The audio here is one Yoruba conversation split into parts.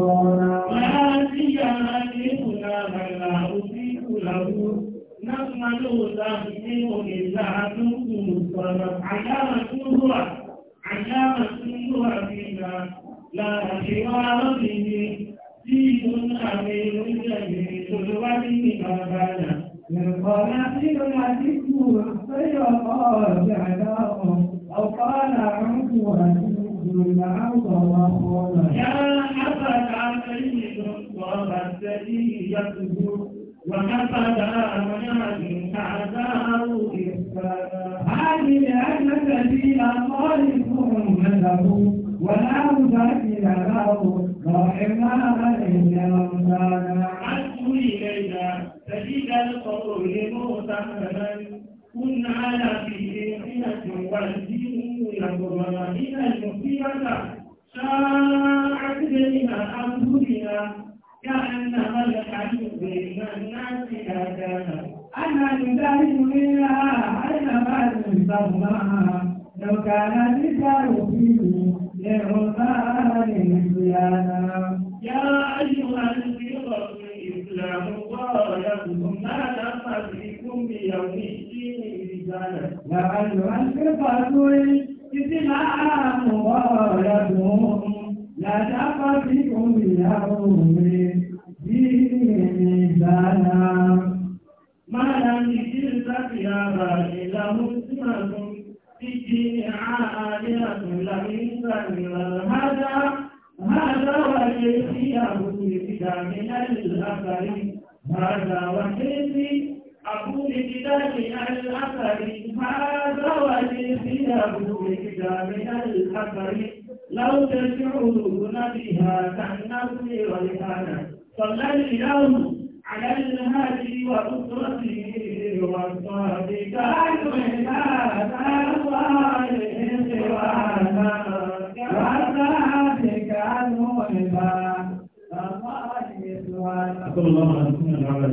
ما هي هدينا ولا أطيق له نحمد تهديه إذاعتكم صلت علامة هو علامة هو فينا لا حوار به دين أمير جميل الولي أبانا من قناتل العزيز سيقال جعلاهم أو قال عنه أن يا وغبت سجيته وكفى مناد أعداء هذه لأن لا خالف له ولا مبدل له رحمها الإنسان عدوا إلينا سبيل القول مؤتمنا كن على فيه حيلة والدين يقرأ من المصيبة شاعت كأنما الحديث بين الناس كان أنا نجاهد منها أينما تسمى لو كان النساء فيه لعمال نسيانا يا أيها الفرق الإسلام ظالمكم ما تفرقكم بيوم الدين رجالا يا أيها الفرق الإسلام ظالمكم لا تقفكم اليوم ديني ما لم يجلك يا راجل مسلم في الدين عالية لم هذا هذا والخيام بدا من الأثر هذا وحيدي أقول بدا من الأثر هذا والخيام بدا من الأثر لو تشعرون بها كأنه ريحانة صلى اليوم على الهادي وأسرته والصادق عن هذا صالح سوانا وذلك المهبا أقول الله على سنة العالم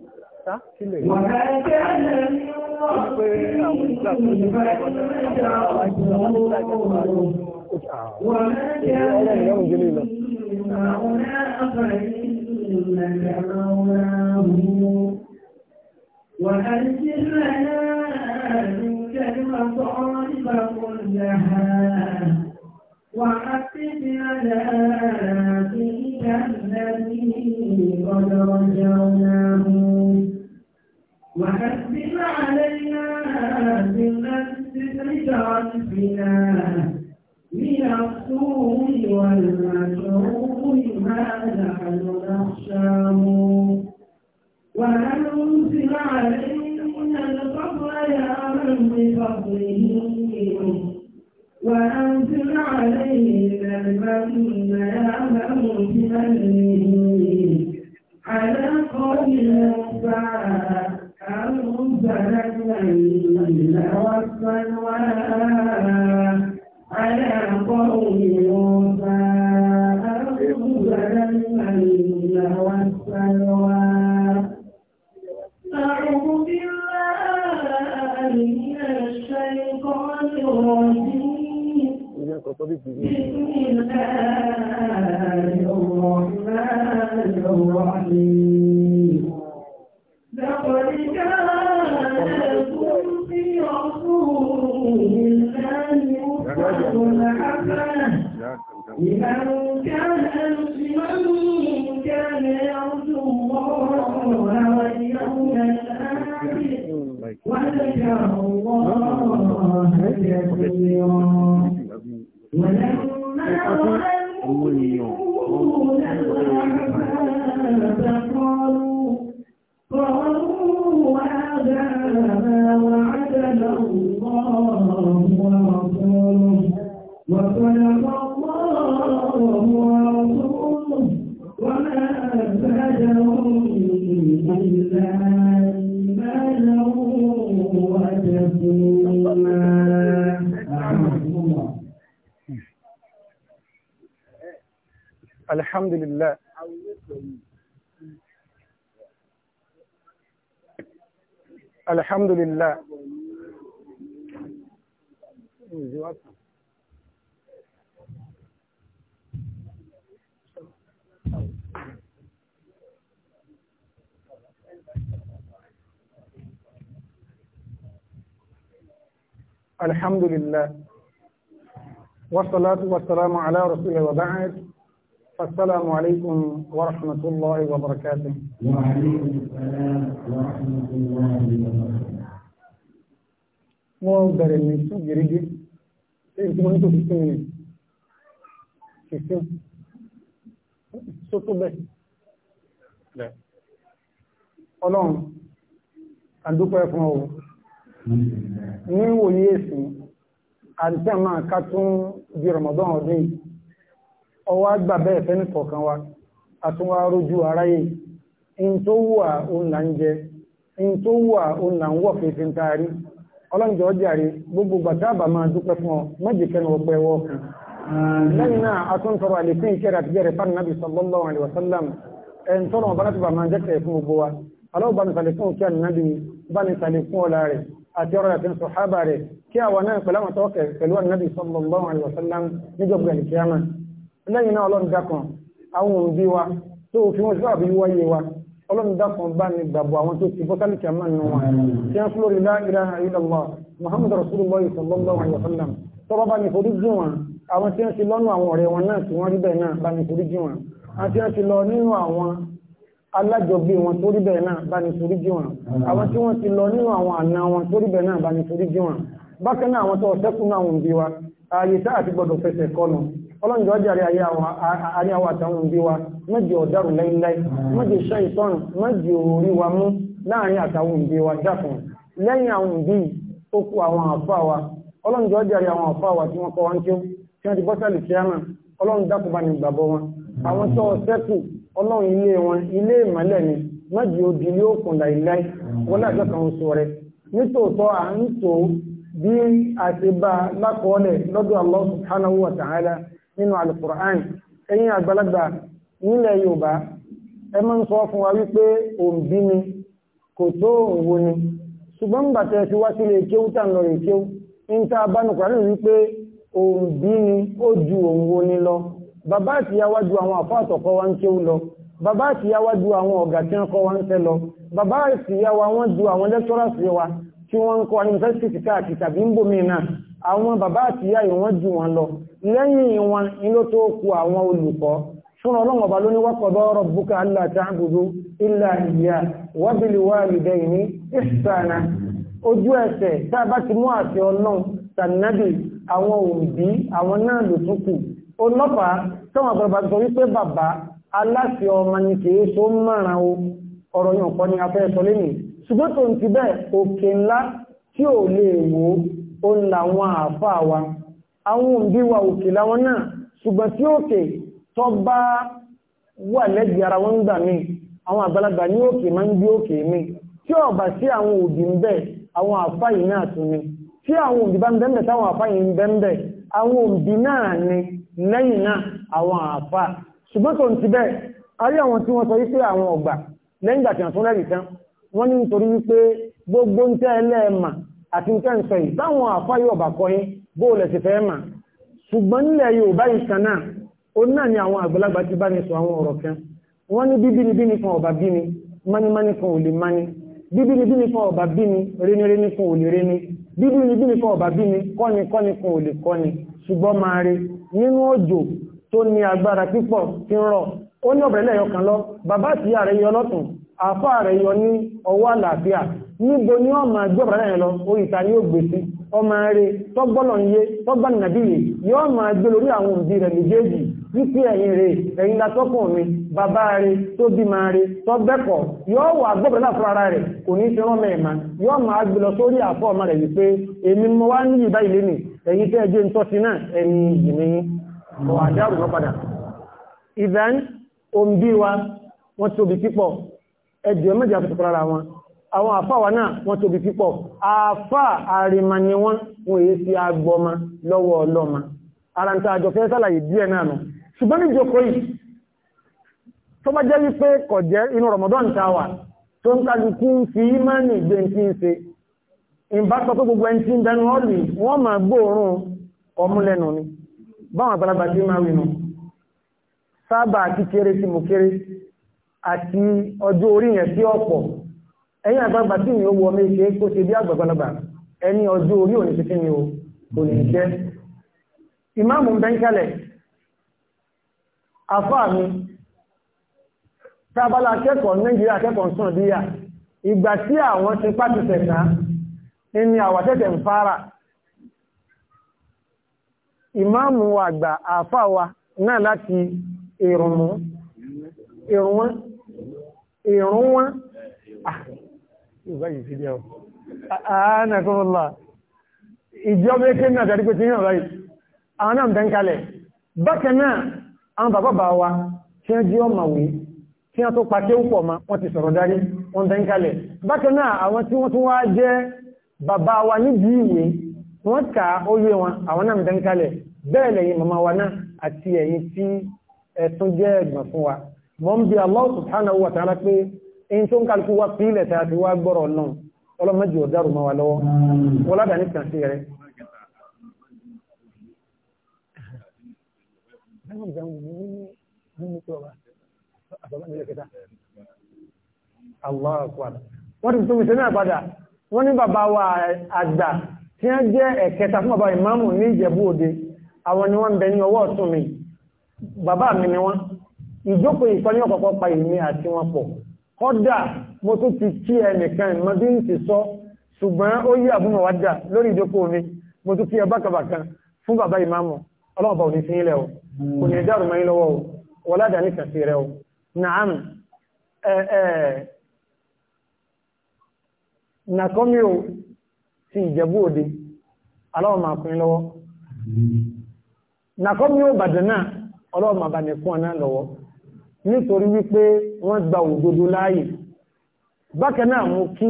ká sílẹ̀ وأنزل لنا منك المصائب كلها وحفظنا لآتيك الذي قد رجونا وحسن علينا بالنسبة تعرفنا من السوء والمكروه ما نحن نخشاه وأنزل علينا الفضل يا من بفضله وأنزل علينا المن يا من بمنه على قوم موسى أنزل الذين والسلوى على قوم موسى أنزل الذين والسلوى أعوذ بالله من الشيطان الرجيم بسم الله الحمد لله الحمد لله والصلاة والسلام على رسول الله وبعد السلام عليكم ورحمة الله وبركاته وعليكم السلام ورحمة الله وبركاته wọ́n bẹ̀rẹ̀ ní sí gẹ̀rẹ́gẹ́ èyí tí wọ́n ní kò sí sínú rẹ̀ kìsí sótó bẹ́ẹ̀ ọlọ́run di Ramadan ọdún yìí ọwọ́ àgbà wa fẹ́ni wa àtúnwá rójú in tó wà òun là ń ọlọ́njọ́ jàre gbogbo gbàtàbà máa dúpẹ́ fún ọ mọ́jì kẹnu ọpẹ́ ẹwọ́ kan lẹ́yìn náà a tún tọrọ àlékún ìkẹ́rẹ́ àti jẹ́rẹ̀ fún nàbì sallallahu alaihi wasallam ẹn tọrọ ọba láti bà máa jẹ́kẹ̀ fún gbogbo wa aláwọ̀ bá ní sàlékún kí ànàbì bá ní sàlékún ọlá rẹ̀ àti ọ̀rọ̀ àti sọ̀hábà rẹ̀ kí àwa náà pẹ̀lú àwọn tọ́kẹ̀ pẹ̀lú ọlọ́run dákun bá ní gbàgbọ́ àwọn tó ti bọ́sálì kìámà nù wọn tí wọ́n fúlórí la ilaha illallah rasulullah sallallahu alaihi wa sallam tọ́ba bá ní forí jì wọn àwọn tí wọ́n ti lọ́nu àwọn ọ̀rẹ́ wọn náà tí wọ́n rí bẹ́ẹ̀ náà bá ní forí jì wọn àti wọ́n ti lọ nínú àwọn alájọgbé wọn tó rí bẹ́ẹ̀ náà bá ní forí jì wọn àwọn tí wọ́n ti lọ nínú àwọn àna ọlọ́njọ́ jàre ayé àwọn àtàwọn òbí wa mẹ́jì ọ̀dàrù láíláí mẹ́jì iṣẹ́ ìtọ́nù mẹ́jì orí wa mú láàrin àtàwọn òbí wa dákun lẹ́yìn àwọn òbí ó kú àwọn àfà wa ọlọ́njọ́ jàre àwọn àfà wa tí wọ́n kọ́ wọn kí tí wọ́n ti bọ́ sẹ́lì kíámà ọlọ́run bá ní wọn àwọn tó ọlọ́run ilé wọn ilé ìmọ̀lẹ̀ nínú alukur'an ẹ̀yin àgbàlagbà nílẹ̀ yorùbá ẹ máa ń sọ fún wa wípé òǹbí ni kò tó òǹwo ni ṣùgbọ́n nígbà tẹ́ fi wá sílé kéwú tà ń lọ rè kéwú ń tá a bá nu kùránì wípé òǹbí ni ó ju òǹwo ni lọ bàbá àtìyá wá ju àwọn àfọ àtọ̀kọ́ wa ń kéwú lọ bàbá àtìyá wá ju àwọn ọ̀gá tí wọ́n kọ́ wa ń fẹ́ lọ bàbá àtìyá wa wọ́n ju àwọn lẹ́tọ́rà wa tí wọ́n ń kọ́ àwọn bàbá àti ìyá yìí wọ́n jù wọn lọ lẹ́yìn wọn ló tó kù àwọn olùkọ́ fún ọlọ́run ọba ló ní wa qada rabbuka alla ta'budu illa iyyah wa bil walidayni ihsana ojú ẹsẹ̀ tá a bá ti mú àṣẹ ọlọ́run tànàbì àwọn òbí àwọn náà ló tún kù ni kìí so mọ́ràn o ọ̀rọ̀ yìí ọ̀pọ̀ tí ò lè wò ó ń la àfà wa àwọn òǹbí wa òkè láwọn náà ṣùgbọ́n tí òkè tó bá wà lẹ́gbẹ̀ẹ́ ara wọn gbà mí àwọn àgbàlagbà ní òkè máa ń gbé òkè mi tí ó bá sí àwọn òbí ń bẹ àwọn àfà yìí náà tún ni tí àwọn òbí bá ń táwọn àfà yìí ń àwọn òbí náà ni lẹ́yìn náà àwọn àfà ṣùgbọ́n tó ń ti bẹ́ẹ̀ a rí àwọn tí wọ́n sọ wípé àti nǹkan sọ yìí báwọn àfáyé ọ̀bà kọyín bóòlẹ̀ ti fẹ́ mà ṣùgbọ́n nílẹ̀ Yorùbá ìkan náà ó náà ni àwọn àgbàlagbà ti bá ní sọ àwọn ọ̀rọ̀ kan wọ́n ní bíbínibíni kan ọ̀bà bíni mánimáni kan ò lè máni bíbínibíni kan ọ̀bà bíni réniréni kan ò lè réni bíbínibíni kan ọ̀bà bíni kọ́ni kọ́ni kan ò lè kọ́ni ṣùgbọ́n máa rí nínú òjò tó ní agbára pípọ̀ tí níbo ni ọmọ àjọ bàrá yẹn lọ orí ìta ni ó gbé sí ọmọ rẹ tọgbọnà yé tọgbọnà nàbíyè yóò máa gbé lórí àwọn òbí rẹ méjèèjì wípé ẹ̀yin rẹ ẹ̀yin la tọkùn mi bàbá rẹ tó bímọ rẹ tọgbẹkọ yóò wà gbọbẹrẹ náà fún ara rẹ kò ní í fi rọmọ ẹ mà yóò máa gbé lọ sórí àfọ ọmọ rẹ wípé èmi mo wa wọ́n tóbi pípọ̀ ẹ̀jẹ̀ mẹ́jọ àfikún ara wọn àwọn àfáwà náà wọ́n tóbi pípọ̀ àfá àrìmà ni wọ́n wọ́n èyí sí agbọma lọ́wọ́ ọlọ́ma ara ń ta àjọ fẹ́ sálàyé díẹ̀ náà nù ṣùgbọ́n ní ìjọkọ́ yìí tó bá jẹ́ wípé kọ̀ jẹ́ inú Ramadan tàwà tó ń kálukú fi ìmánì gbé tí ń ṣe ìbátọ́ tó gbogbo ẹni tí ń dẹnu ọ́lì wọ́n máa gbóòórùn ọmú lẹ́nu ni báwọn àgbàlagbà tí máa wínú sábà àti sí mo kéré àti ọjọ́ orí yẹn sí ọ̀pọ̀ ẹ̀yìn àgbàgbà tí mi ó wọ mi ṣe kó ṣe bí àgbàgbàlagbà ẹni ọjọ́ orí òní ṣe kí ni o kò lè jẹ́ ìmáàmù bẹ́ńkẹ́lẹ̀ àfáà mi tábálà akẹ́kọ̀ọ́ nàìjíríà akẹ́kọ̀ọ́ sàn díyà ìgbà tí àwọn ti pàtìsẹ̀ náà ní àwàtẹ́tẹ̀ ń fara ìmáàmù wa àgbà àfáà wa náà láti ìrùn wọn ìrùn ah, yorùbá yìí ti dẹ ọ àánà kọ́ ọ̀la ìjọba èké náà tàbí pé ti yàn báyìí àwọn náà ń bẹ́ ń kalẹ̀ bákan náà àwọn bàbá bá wa tí wọ́n jí ọmọ wèé tí wọ́n tó pàtẹ́ òpọ̀ ma wọ́n ti sọ̀rọ̀ darí wọ́n bẹ́ ń kalẹ̀ bákan náà àwọn tí wọ́n tún wá jẹ́ bàbá wa níbi ìwé wọ́n ka oyé wọn àwọn náà bẹ́ ń kalẹ̀ bẹ́ẹ̀ lẹ́yìn màmá wa náà àti ẹ̀yin tí ẹ̀tún jẹ́ ẹ̀gbọ̀n Allah subhanahu wa ta'ala in tó ń wa wá pínlẹ̀ tàà fi wá gbọ́rọ̀ náà ọlọ́mọ́jì ọ̀dárù ma wà lọ́wọ́ wọ́ládà ní kàn sí rẹ̀ wọ́n ti mi sẹ́nà padà wọ́n ní bàbá wa àgbà tí a jẹ́ ẹ̀kẹta fún bàbá ìmáàmù ní Ìjẹ̀bú Òde àwọn ni wọ́n ń bẹ kọ́dà mo tó ti kí ẹnìkan ìmọ̀ ń ti sọ ṣùgbọ́n ó yí àbúmọ̀ wá dà lórí mi mo tó kí ẹ bákàbàkan fún bàbá ìmáàmù ọlọ́ọ̀bà òní sí ilẹ̀ o ní ẹjá o ní nàkọ́mí o ti ìjẹ̀bú òde aláwọ̀ nítorí wípé wọ́n gba òdodo láàyè bákan náà mú kí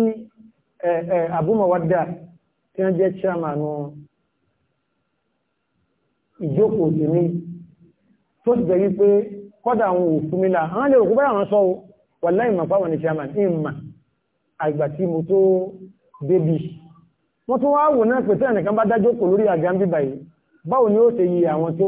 àbúmọ̀wádà tí wọ́n jẹ́ chairman ìjókòó sí ní tó ti jẹ́ wípé kọ́dà àwọn òfúnmílà àwọn lè òkú báyàwọn sọ wà láì mọ̀ pàwọn ní chairman ìmà àgbà tí mo tó débì wọ́n tún wá wò náà pẹ̀tẹ́ ẹnìkan bá dájókòó lórí àgbà ń bíbà yìí báwo ni ó ṣe yí àwọn tó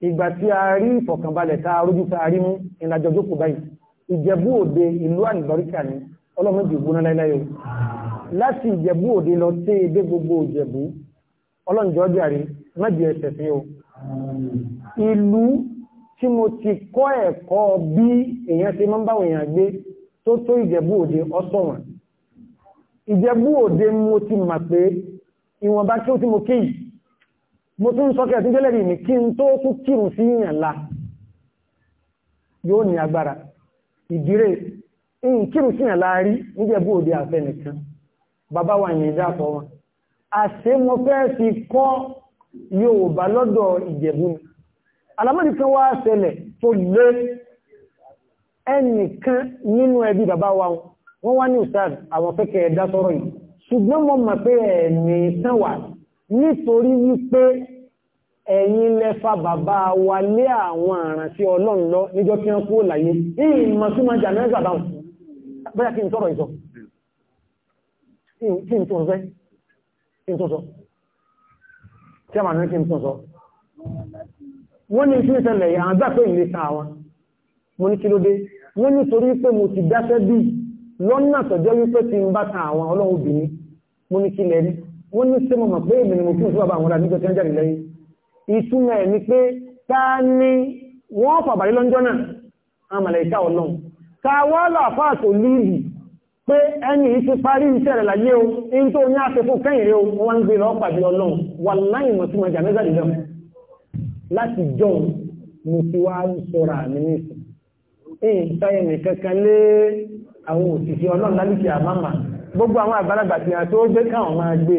ìgbà tí a rí ìfọ̀kànbalẹ̀ tá a rójú tá a rí mú ìlàjọ jókòó báyìí ìjẹ̀bú òde ìlú àlùbáríkà ni ọlọ́mọdé ìgbóná láíláyò láti ìjẹ̀bú òde lọ sí ebé gbogbo ìjẹ̀bú ọlọ́njọ́ jàre mẹ́jì ẹsẹ̀ fi o ìlú tí ìwọ̀nba tí ó ti mo kéyìí mo tún sọ́kẹ́ tí jẹ́lẹ̀rí mi kí n tó kú kírù sí ìyànlá yóò ní agbára ìdíré in kírù sí ìyànlá rí níjẹ̀bú òde àfẹ́ nìkan bàbá wà ní ìdáàtọ̀ wọn àṣẹ mo fẹ́ fi kọ́ Yorùbá lọ́dọ̀ Ìjẹ̀bú ni alamọ́dì kan wá ṣẹlẹ̀ tó lé ẹnìkan nínú ẹbí bàbá wa wọn wá ṣùgbọ́n mo mọ̀ pé ẹ̀ tán wà nítorí wípé ẹ̀yin lẹ́fà bàbá wa lé àwọn àràn tí ọlọ́run lọ níjọ́ kí wọ́n kú láyé ìmọ̀ tí máa jàmẹ́ ìgbàdáhùn bóyá kí n tọ́rọ ìsọ kí n tó sẹ́ kí n tó sọ kí a máa ní kí n tó sọ wọ́n ní ìfún ìṣẹ̀lẹ̀ yà ń ìlé ta wọn mo ní kí ló dé wọ́n nítorí pé mo ti dáṣẹ́ bí lọ́nà tọ́jọ́ wípé ti ń bá ta àwọn ọlọ́run obìnrin mo ní kí lẹ́rí wọ́n ní sí mọ̀mọ̀ pé ìmìnì mọ̀tún tí wọ́n jáde lẹ́yìn ni pé ta ni wọ́n fàbàrí lọ́njọ́ náà àmàlẹ̀ ìta ọlọ́run ta wá làfáà tó líìlì pé ẹni yìí ti parí iṣẹ́ rẹ̀ láyé o in tó ní àfikún kẹ́yìn rẹ̀ o wọ́n ń gbé lọ pàdé ọlọ́run wà láì mọ̀ tí mo jà mẹ́sàdì lọ láti jọ mo ti wá sọ̀rọ̀ àmì ní ìsìn ìyìn táyẹ̀ nìkan lé àwọn òṣìṣẹ́ ọlọ́run lálùkì àmàmà gbogbo àwọn àgbàlagbà tí a tó gbé káwọn máa gbé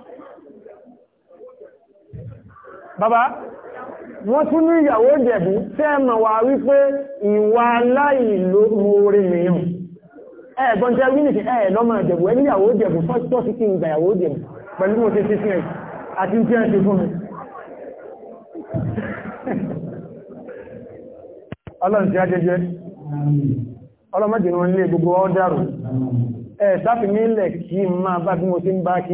bàbá wọ́n tún ní ìyàwó jẹ̀bú tẹ́ mọ̀ wà wípé ìwà aláìlóore nìyàn ẹ̀gbọ́n tẹ́ wí nìkẹ́ ẹ̀ lọ́mọ ìjẹ̀bú ẹni ìyàwó jẹ̀bú fọ́sítọ́ sí kí n gbà ìyàwó jẹ̀bú pẹ̀lú mo ti sísìn ẹ̀ àti tí ẹ̀ ṣe fún mi ọlọ́run ti ajẹjẹ ọlọ́mọdé wọn lé gbogbo ọ́dàrù ẹ̀ sáfì nílẹ̀ kí n máa bá bí mo ti ń bá kí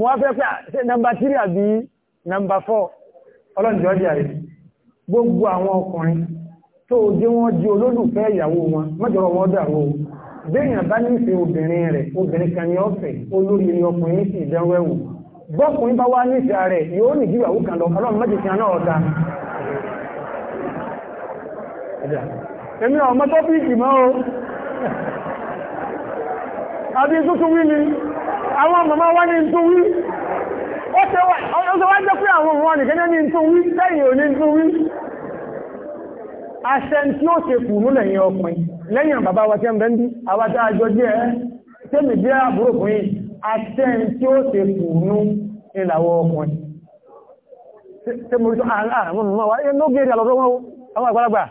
wọ́n wá fẹ́ pé ṣe nọmba tírí àbí nọmba fọ́ rẹ̀ gbogbo àwọn ọkùnrin tó jẹ́ wọ́n jí olólùfẹ́ ìyàwó wọn mọ́jọ́rọ̀ wọ́n dàrú béèyàn bá nífẹ̀ẹ́ obìnrin rẹ̀ obìnrin kan ni ọkùnrin àwọn màmá wá ní tó wí ó ṣe wá jẹ́ pé àwọn òun ànìkẹ́jẹ́ ní tó wí lẹ́yìn ò ní tó wí aṣẹ tí ó ṣe kùnú lẹ́yìn ọkùnrin lẹ́yìn bàbá wa tí ó ń bẹ́ ń bí àwátá àjọ jẹ́ tẹ́mì jẹ́ àbúròkùnrin aṣẹ tí ó ṣe kùnú ìlàwọ̀ ọkùnrin tẹ́mì tó àwọn màmá wá ní ó gẹ́rẹ́ àlọ́rọ́ wọn àwọn àgbàlagbà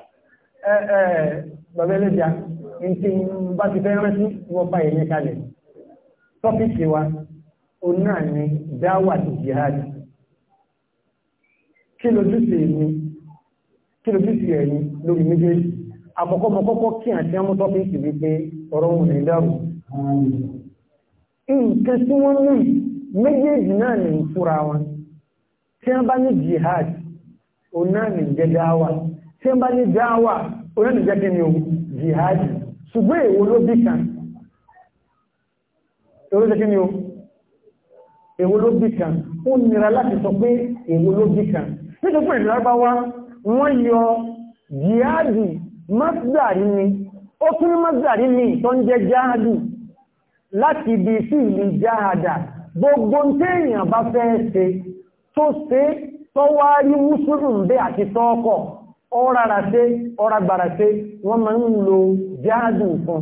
ẹ̀ẹ́ bàbá ẹlẹ́jà ní ti bá ti fẹ́ rántí wọ́n bá ẹ̀yẹ kalẹ̀ tọ́pìkì wa òun náà ni dáwà jihad kí lójúṣe mi kí lójúṣe ẹ̀yìn lórí méjèèjì àkọ́kọ́ mọ kọ́kọ́ kí àti ọmọ tọ́pìkì wípé ọ̀rọ̀ òun ní dárò nǹkan tí wọ́n mú méjèèjì náà ní fúra wọn tí wọ́n bá ní jihad òun náà ní jẹ́ dáwà tí jihad ṣùgbọ́n èwo ló bí kan torí ṣe kí ni o èwo ló bí kan ó nira láti sọ pé èwo nítorí pé ìlàgbáwá wọ́n yọ jihadi masdari ni ó tún ní masdari ni tó ń jẹ jihadi láti ibi sí ìlú jihada gbogbo téèyàn bá fẹ́ ṣe tó ṣe tọ́wárí mùsùlùmí àti tọ́ọ̀kọ̀ ọ̀rára ṣe wọ́n máa ń lo jihadi fún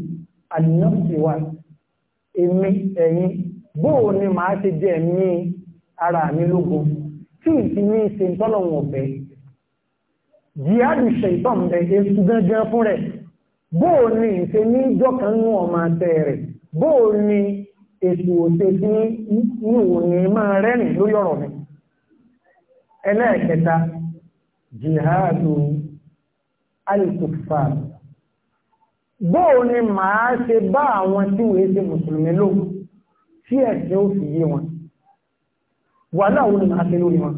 àníyànjìwà èmi ẹ̀yìn bóò ni màá ṣe jẹ́ ẹ̀mí ara mi lógun tí ìsìn ní ṣe ń tọ́lọ̀wọ̀n ọ̀bẹ jihadu ṣèǹtọ̀ ń bẹ esu gángan fún rẹ̀ bóò ni ìṣe ní ìjọ kan nú ọmọ àtẹ rẹ̀ bóò ni èsù òṣè tí ní òun ní máa rẹ́rìn lórí ọ̀rọ̀ mi ẹlẹ́ẹ̀kẹta jihadu alikufa bóò ni màá ṣe bá àwọn tí wèé ṣe mùsùlùmí ló tí ẹ̀sẹ̀ ó fi yé wọn wà láwọn ni màá ṣe lórí wọn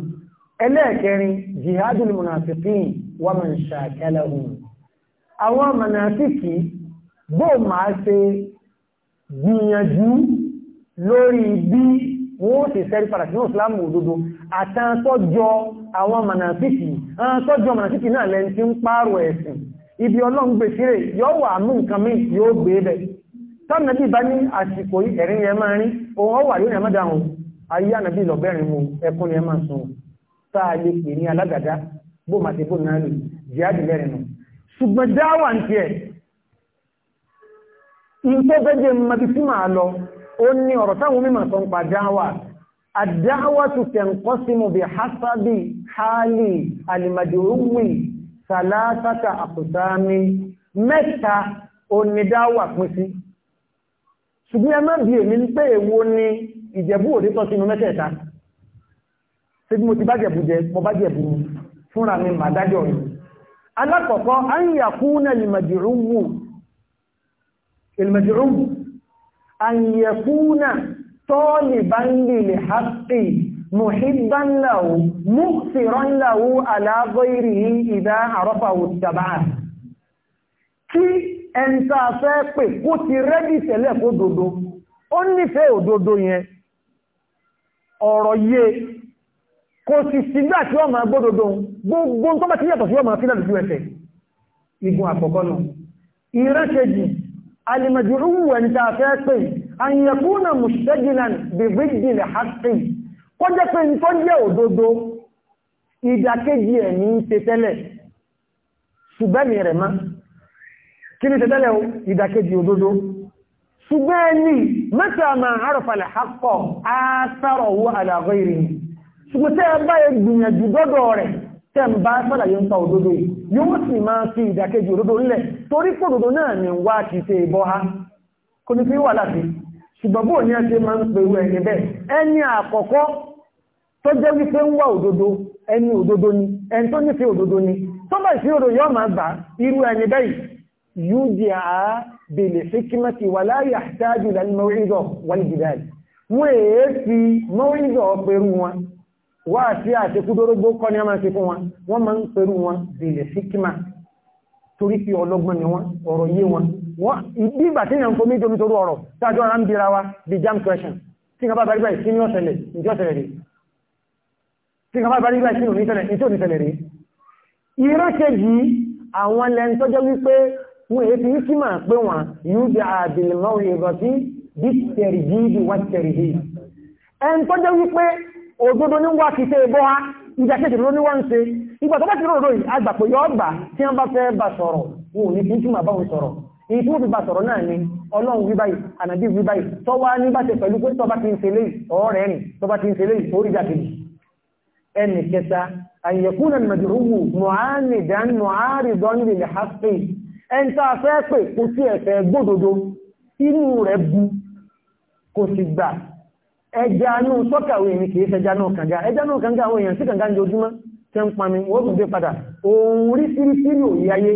ẹlẹ́ẹ̀kẹrin jihadul munafiqin wà mọ̀ ṣàkẹ́lẹ̀ ohun àwọn mọ̀nàfíkì bóò màá ṣe gbìyànjú lórí bí wọ́n ti sẹ́rí padà sínú ìsìlámù òdodo àtàntọ́jọ àwọn mọ̀nàfíkì náà lẹ́ni tí ń pààrọ̀ ẹ̀sìn ibi ọlọ́run gbé sílẹ̀ yóò wà mú nǹkan mí yóò gbé bẹ̀. tánàbí bá ní àsìkò ẹ̀rin yẹn máa rí ohun ọwà yóò yẹn má ayé ànàbí mu ẹkún ni ẹ máa sun táà lè pè ní alágàdá bó máa ti bó náà lè jihadi nù. ṣùgbọ́n ń tiẹ̀ nǹkan mọ́bí sí lọ ó ní ọ̀rọ̀ táwọn mímọ̀ ń pa dáwà àdáwà bí hásábì sàlásàtà àkùsámi mẹ́ta onídáwà pín sí ṣùgbọ́n ẹ má bí èmi ń pé èwo ni ìjẹ̀bú òdí tọ́ sínú mẹ́tẹ̀ẹ̀ta ṣe bí mo ti bá jẹ̀bú jẹ mo bá fúnra mi mà dájọ́ rẹ̀ alákọ̀ọ́kọ́ a ń yà kú náà lèmọ̀dìrúwù طالبا للحق محبا له مغفرا له على غيره إذا عرفه اتبعه kí ẹnta fẹ́ pè kó ti rẹ́dì tẹ́lẹ̀ kó dodo ó nífẹ̀ẹ́ òdodo yẹn ọ̀rọ̀ yé kò sì sígbà tí ó máa gbódodo gbogbo tó bá ti yàtọ̀ sí ó máa fílẹ̀ lójú ẹsẹ̀ igun àkọ́kọ́ náà ìrẹ́kejì alìmọ̀jù ń wẹ̀ ń ta àyẹ̀kúnà mùsẹ́gìlà bèbèjìlẹ̀ hàtì kọ́ jẹ́ pé tó jẹ́ òdodo ìdàkejì ẹ̀ ní ṣe tẹ́lẹ̀ ṣùgbẹ́mì rẹ̀ má kí ní ṣe tẹ́lẹ̀ ìdàkejì òdodo ṣùgbẹ́ni mẹ́tàmà àrọ̀fàlẹ̀ àkọ́ àtàrọ̀ owó àdàgọ́ ìrìn ṣùgbọ́tẹ́ bá ẹ gbìyànjú dọ́dọ̀ rẹ̀ tẹ́ la bá sọ́dàyé ń pa òdodo yóò sì máa fi ìdàkejì òdodo ńlẹ̀ torí pòdodo náà ni wá ti ṣe ìbọ́ ha kò ní fi wà láti ṣùgbọ́n bóò ní ẹṣe máa ń pèrú ẹni bẹ́ẹ̀ ẹni àkọ́kọ́ tó jẹ́ wípé ń wá òdodo ẹni òdodo ni ẹni tó nífẹ̀ẹ́ òdodo ni tó bá ìfẹ́ òdodo yọ́ máa gbà irú ẹni bẹ́ẹ̀ yóò jẹ́ à bèlè fíkímẹ́tì wà láyà dájú lẹ́nìmọ́rìndọ̀ wàlìdìdáì wọ́n èé wọ́n bí ìgbà tí ìyàn fomi jomi torú ọ̀rọ̀ tájọ́ ara ń bira wa the jam question tí kan bá bá rí báyìí sínú ọ̀sẹ̀lẹ̀ ìjọ ọ̀sẹ̀lẹ̀ rí tí kan bá bá rí báyìí sínú oníṣẹ̀lẹ̀ ìjọ oníṣẹ̀lẹ̀ rí irọ́ kejì àwọn lẹ́ni tọ́jọ́ wípé wọn èyí fi ń kí máa pé wọn yóò jẹ àbìlìmọ́ ìrọ̀ sí bí tẹ̀rìdì bí wá tẹ̀rìdì ẹn tọ́jọ́ wípé òdodo ní wá fi ṣe ẹbọ́ ha ìdàkejì ló ní wọ́n ń ṣe ìgbà tó bá ti rò rò yìí agbàpò yọ ọgbà tí wọ́n bá fẹ́ bá ń kí máa bá wọn sọ̀rọ̀ ìtí wọ́n fi bá sọ̀rọ̀ náà ni ọlọ́run wí báyìí ànàbí wí báyìí tó wá ní bá ṣe pẹ̀lú pé tó bá ti ń ṣẹlẹ̀ ọ̀rẹ́ ẹ̀rìn tó bá ti ń ṣẹlẹ̀ orí jàkejì ẹnì kẹta àyẹ̀kúnà mẹ̀dùrúwù nùhánì dán nùhárì dọ́nìlì lè hápè ẹn tá a fẹ́ pè kò sí ẹ̀fẹ́ gbódodo inú rẹ̀ bu kò sì gbà ẹja náà sọ́kàwé ni kì í ṣẹja náà kànga ẹja náà kànga àwọn èèyàn sí kànga ń jojúmọ́ tẹ́ ń pami wọ́n fi gbé padà òun rí sírísírí òyìáyé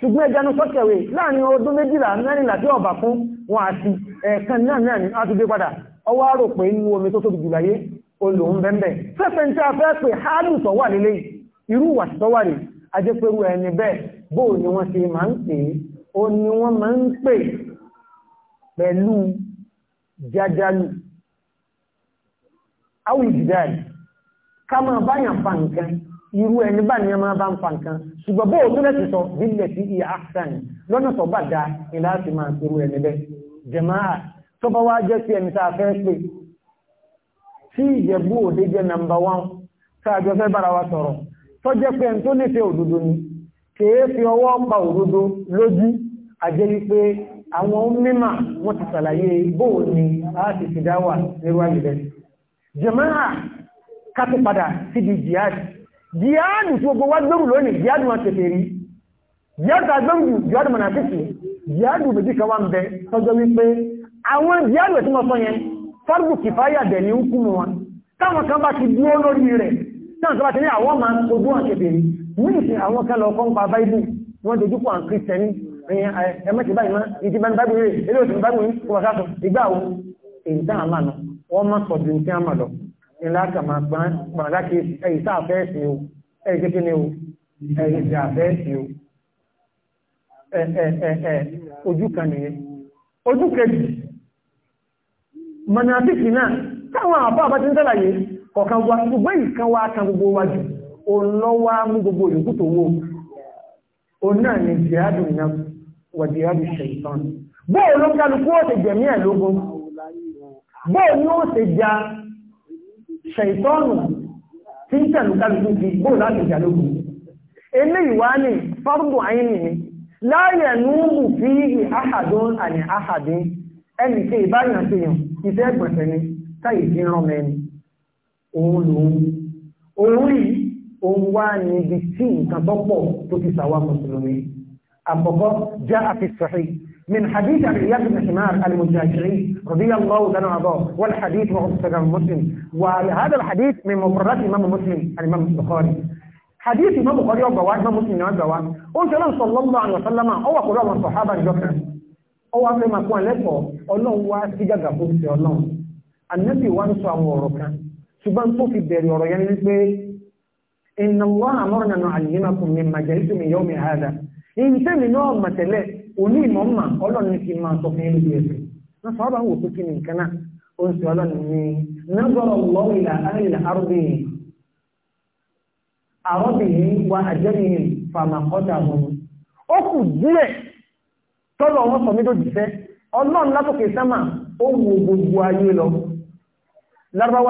ṣùgbọ́n ẹjanu sọ́kẹ̀wé láàrin ọdún méjìlá mẹ́rìnlá tí ọba fún wọn àti ẹ̀ẹ̀kan náà náà ní àtúgbé padà ọwọ́ àrò pé inú omi tó tóbi jùláyé olóhun bẹ́ẹ̀ fẹ́fẹ́ tí a fẹ́ pé hálù tó wà nílé irú wà tó wà ní ajẹ́pẹ̀rú ẹni bẹ́ẹ̀ bó ni wọ́n ṣe máa ń pè ó ní wọ́n máa ń pè pẹ̀lú jájálù awùjìdáì ká máa báyàn fa nǹkan irú ẹni bá ní ẹ bá ń fa ṣùgbọ́n bóò tó lẹ́sì sọ nílẹ̀ sí ìyá áṣán lọ́nà tó bá da ni láti máa irú ẹni bẹ́ jẹ̀máà tó bá wá jẹ́ sí ẹni tá a fẹ́ pè tí ìjẹ̀bú òde jẹ́ nàmbà wán sáàjọ fẹ́ bára wa sọ̀rọ̀ tó jẹ́ pé ẹni tó nífẹ̀ẹ́ òdodo ni kèé fi ọwọ́ pa òdodo lójú àjẹ́ wípé àwọn mímà wọ́n ti ṣàlàyé bóò ni a ti fi dá wà nírú àyè bẹ́ẹ̀ jẹ̀máà ká tó padà jihad jihadu tí gbogbo wa gbẹ́rù lónìí jihadu wọn tètè rí jihadu ta gbẹ́rù jù jihadu mọ̀nà tètè jihadu bèbí kan wà ń bẹ tọ́jọ́ wípé àwọn jihadu ẹ̀ tí mo sọ yẹn farbu kìfáyà dẹ̀ ní ń kú mu wọn táwọn kan bá ti dúró lórí rẹ̀ táwọn kan bá ti ní àwọn máa ojú wọn tètè rí níbi àwọn kan lọ kọ́ ń pa báíbù wọn dojú pọ̀ àwọn kírísítẹ́nì ẹ̀mẹ́tì báyìí má ìdí bá ní báíbù rẹ̀ eléyìí ò ìlàkàmà pàdàkì ẹ̀yìn tá àfẹ́ ẹ̀sìn o ẹ̀yìn kékeré ni o ẹ̀yìn tí àfẹ́ ẹ̀sìn o ẹ̀ẹ̀ẹ̀ẹ̀ ojú kan nìyẹn ojú kejì mọ̀nàtíkì náà táwọn àbá àbá ti ń tẹ́làyé kọ̀kan wa gbogbo ìkan wa kan gbogbo wa olọ́wà mú gbogbo tó wó o náà ni jihadu náà wà jihadu ṣẹ̀tàn kálukú ó ti jẹ̀mí ẹ̀ lógún ṣẹ̀tọ́nù tí ń tẹ̀lú kálùkù bí bó láti ìjàlógún eléyìí wá ní fardu àyínì ni láyẹ̀ núùbù fi àhàdún àní àhàdín ẹnì kí ìbáyàn ti yàn iṣẹ́ ẹgbẹ̀fẹ̀ ni táyì fi rán mẹ́ni òun lòun òun yìí òun wá ní ibi tí nǹkan tó pọ̀ tó ti sàwà mùsùlùmí àkọ́kọ́ já àti sahih من حديث أبي إياس بن حمار المجاشعي رضي الله عنه وأرضاه والحديث مخرج مسلم وهذا الحديث من مفردات الإمام مسلم الإمام البخاري حديث الإمام البخاري وبواد الإمام مسلم وبواد أنزل صلى الله عليه وسلم أو قول الله الصحابة جوكر أو أبي ما كون لكو الله واسجا غفور سي الله النبي وانسو أمورك سبحان تو في بيري أورو يعني إن الله أمرنا نعلمكم مما جئتم من يوم هذا إن تمنوا متلئ òní ìmọ̀ọ́mà ọlọ́run ti máa sọ fún ẹlẹ́gbẹ̀ẹ́ ẹ̀sẹ̀ náà sọ́ọ́bà ń wò pé kí ni nǹkan náà ó ń sọ ní lọ́wọ́ wa wọn. ó kù díẹ̀ tọ́lọ̀ wọn sọ mí tó jìfẹ́ ọlọ́run sámà ó wo gbogbo ayé lọ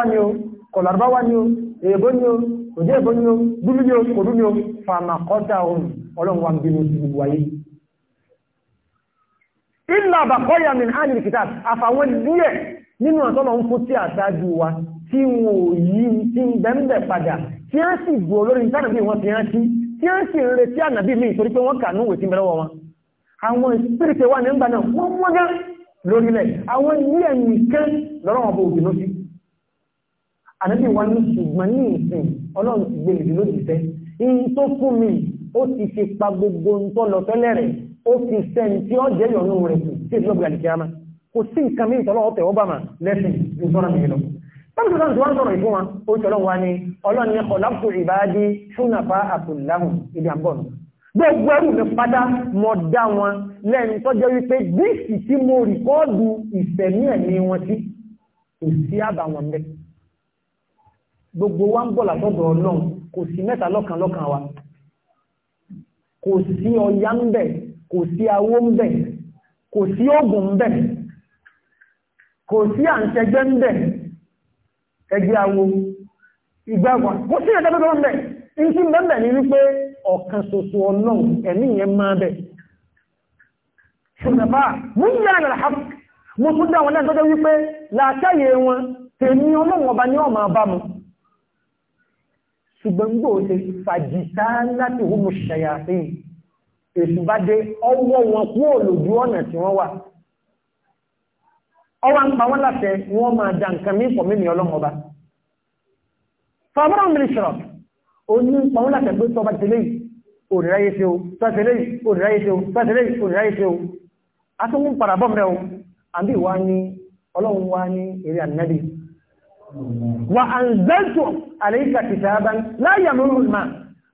ni o kọ̀ lárúbáwá ni o èèbó ni o kò jẹ́ èèbó ni o dúdú ni o kò dúdú ni o fàmàkọ́tà wọn ọlọ́run wa ń bínú gbogbo ayé ìlà bàkọ́yà min hàní kìtà àfàwọn díẹ̀ nínú àtọ́nà ń kó sí àṣáájú wa tí wọ́n yí tí ń bẹ̀m̀bẹ̀ padà tí a sì bù olórin tánàbí wọn ti rántí tí a sì ń retí ànàbí mi torí pé wọ́n kà ní òwètí mẹ́rẹ́wọ̀ wọn àwọn ìspírìtì wà nígbà náà wọ́n mọ́gá lórílẹ̀ àwọn ilé ẹ̀yìn kan lọ́rọ̀ ọ̀bọ̀ òbí lóṣì ànàbí wọn ní ṣùgbọ́n ní ìsìn ọlọ́run ó ti sẹ́ni tí ó jẹ́ yọ̀nú rẹ̀ tí ìṣẹ́ ògbà ìkẹ́ àmà kò sí nǹkan mí ìtọ́lọ́ ọ̀tẹ̀ ọba mà lẹ́sìn ìtọ́nà mi lọ. Báwo ló ń sọ sọ̀rọ̀ ìfún wa? Ó ti ọlọ́run wa ni ọlọ́run ni ọ̀làkù ìbáàdí ṣúnàfà àkùnláhùn ìdí àbọ̀nù. Gbogbo ẹrù mi padà mọ̀ dá wọn lẹ́nu wa ń bọ̀ látọ̀dọ̀ ọlọ́run kò sí mẹ́ta lọ́kàn wa. Kò sí ọya ń bẹ̀ kò sí awó ń bẹ̀ kò sí ogun ń bẹ̀ kò sí àǹtẹ̀gbẹ́ ń bẹ̀ ẹgbẹ́ awó ìgbàgbà kò sí ẹ̀dẹ́gbẹ́ ń bẹ̀ ìsìn bẹ́ẹ̀ ni wípé ọ̀kan ṣoṣo ọlọ́run ẹ̀mí yẹn máa bẹ̀ ṣùgbọ́n èsù bá dé ọwọ́ wọn kúrò lójú ọ̀nà tí wọ́n wà ọwọ́ ń pa wọ́n láti wọ́n máa dá nǹkan mí pọ̀ mímí ọlọ́mọ ọba fàbọ́n mi sọ̀rọ̀ ó ní ń pa wọ́n láti pé tọba tẹ́lẹ̀ òrìráyé ṣe o tọ́tẹ́lẹ̀ òrìráyé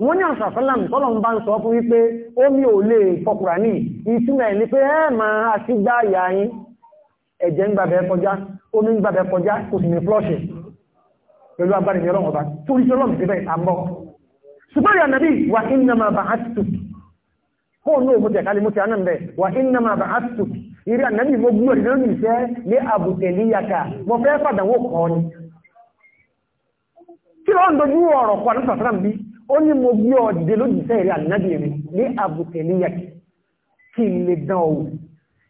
wọ́n ní àṣà sálàm tọ́lọ̀n bá ń sọ fún wípé omi ò lè fọkùrà ní ìtumọ̀ ní pé ẹ máa sí gbá ìyá yín ẹ̀jẹ̀ ń gbàbẹ̀ kọjá omi ń gbàbẹ̀ kọjá kò sì ní flọ́ṣẹ̀ pẹ̀lú agbára ìyẹn ọlọ́run ọba tó rí sọlọ́run síbẹ̀ àmọ́ ṣùgbọ́n ìyá nàbí wà iná máa bá àtìtù kó ní òmùtẹ̀ kálí mú ti àná mbẹ̀ wà ó ní mo bí ọdẹ lójíṣẹ́ ìrẹ́ ànábìrin ní àbùtẹ̀lẹ́yà kí n lè dán ọwọ́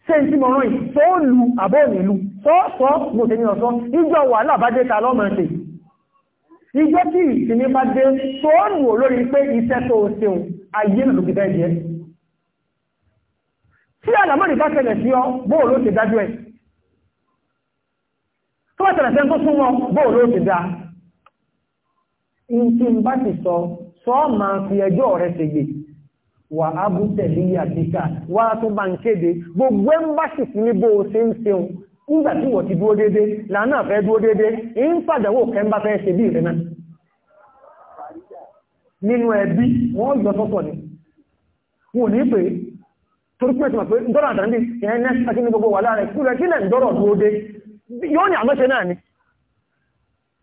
ṣe ń tí mọ̀ rán ìtọ́ lu àbọ́ọ̀nìlú sọ́ọ̀sọ́ mo tẹ̀lé ọ̀sọ́ ìjọ wàhálà bá dé ta lọ́mọ ṣe ìjọ tí ìsinmi bá dé tó ń wò lórí pé iṣẹ́ tó o ṣeun ayé lòdì bẹ́ẹ̀ jẹ́ tí àlàmọ́nì bá ṣẹlẹ̀ sí ọ bóò ló ti dájú ẹ̀ tó bá ṣẹlẹ̀ sẹ́ tó súnmọ́ bóò ló ti sọ máa fi ẹjọ́ rẹ̀ ṣègbè wà á bú tẹ̀lé àtíkà wà á tún bá ń kéde gbogbo ẹ̀ ń bá sì fún ní bó o ṣe ń ṣeun nígbà tí wọ́n ti dúró dédé lànà fẹ́ dúró dédé ń pàdánwò kẹ́ńbà fẹ́ ṣe bí ìrìnà nínú ẹbí wọ́n yọ sọ́tọ̀ ni wọ́n ní pé torí pé ìtìmọ̀ pé dọ́rọ̀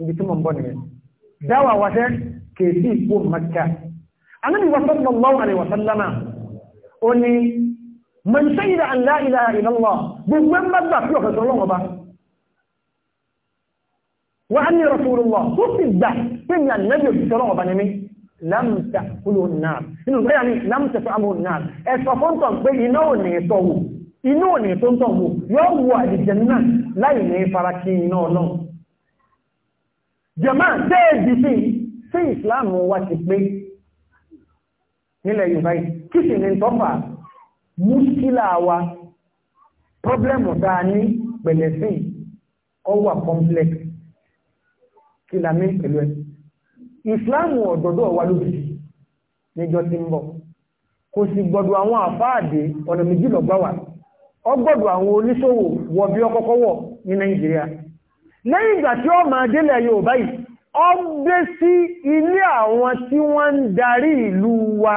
ibi tí mo ń bọ̀ nìyẹn dáwà wáṣẹ́ kèsì ìpò maka anábi sallallahu alaihi wa sallama ó ní man shahida an la ilaha illallah gbogbo ẹ̀ bá gbà fíọ̀fẹ́ sọ lọ́wọ́ bá wa anni rasulullah tó sì gbà pé ní ànábì òṣìṣẹ́ lọ́wọ́ bá ní mi lámta kúlò náà inú ìgbéyà ní lámta fún amó náà ẹ̀sọ̀ fóńtọ̀ pé iná ò ní ìtọ̀wò iná ò ní ìtọ̀wò yóò wọ àdìjẹ náà láì ní ìfarakí iná ọlọ́run jẹ̀má déèdì sí sí ìsìláàmù wa ti pé nílẹ̀ yorùbá yìí kí sì ní tọ́fà múṣkílà wa pọ́blẹ́mù tá a ní pẹ̀lẹ̀ sí ọwà complex kí la mí pẹ̀lú ẹ̀ ìsìláàmù ọ̀dọ̀dọ̀ wa lójijì níjọ́ tí ń bọ̀ kò sì gbọ́dọ̀ àwọn àfáàdé ọ̀nà méjìlọ́gbà wa ọgbọ́dọ̀ àwọn oníṣòwò wọ bí ọkọ́kọ́ ní nàìjíríà lẹ́yìn ìgbà tí ó máa délẹ̀ Yorùbá yìí ó gbé sí ilé àwọn tí wọ́n ń darí ìlú wa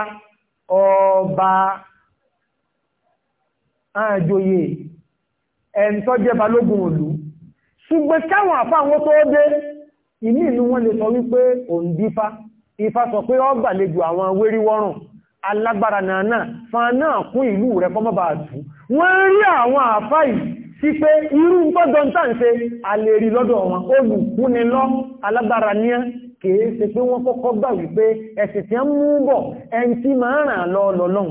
ọba àjòyè ẹ̀ntọ́ jẹ́ balógun òlú ṣùgbọ́n káwọn àfáwọn tó dé ìní ìlú wọn lè sọ wípé òǹdífá ifá sọ pé ó gbàlejò àwọn wéríwọ́rùn alágbára nàánà fan náà kún ìlú rẹ̀ kọ́mọ́bà àdú wọ́n rí àwọn àfáì sí pé irú gbọ́dọ̀ tàǹtẹ́ àlèrí lọ́dọ̀ wọn olùkúnilọ́ alágbára ní kìí ṣe pé wọ́n kọ́kọ́ gbà wípé ẹ̀sì tí a mú bọ̀ ẹn tí máa ràn lọ lọ́lọ́n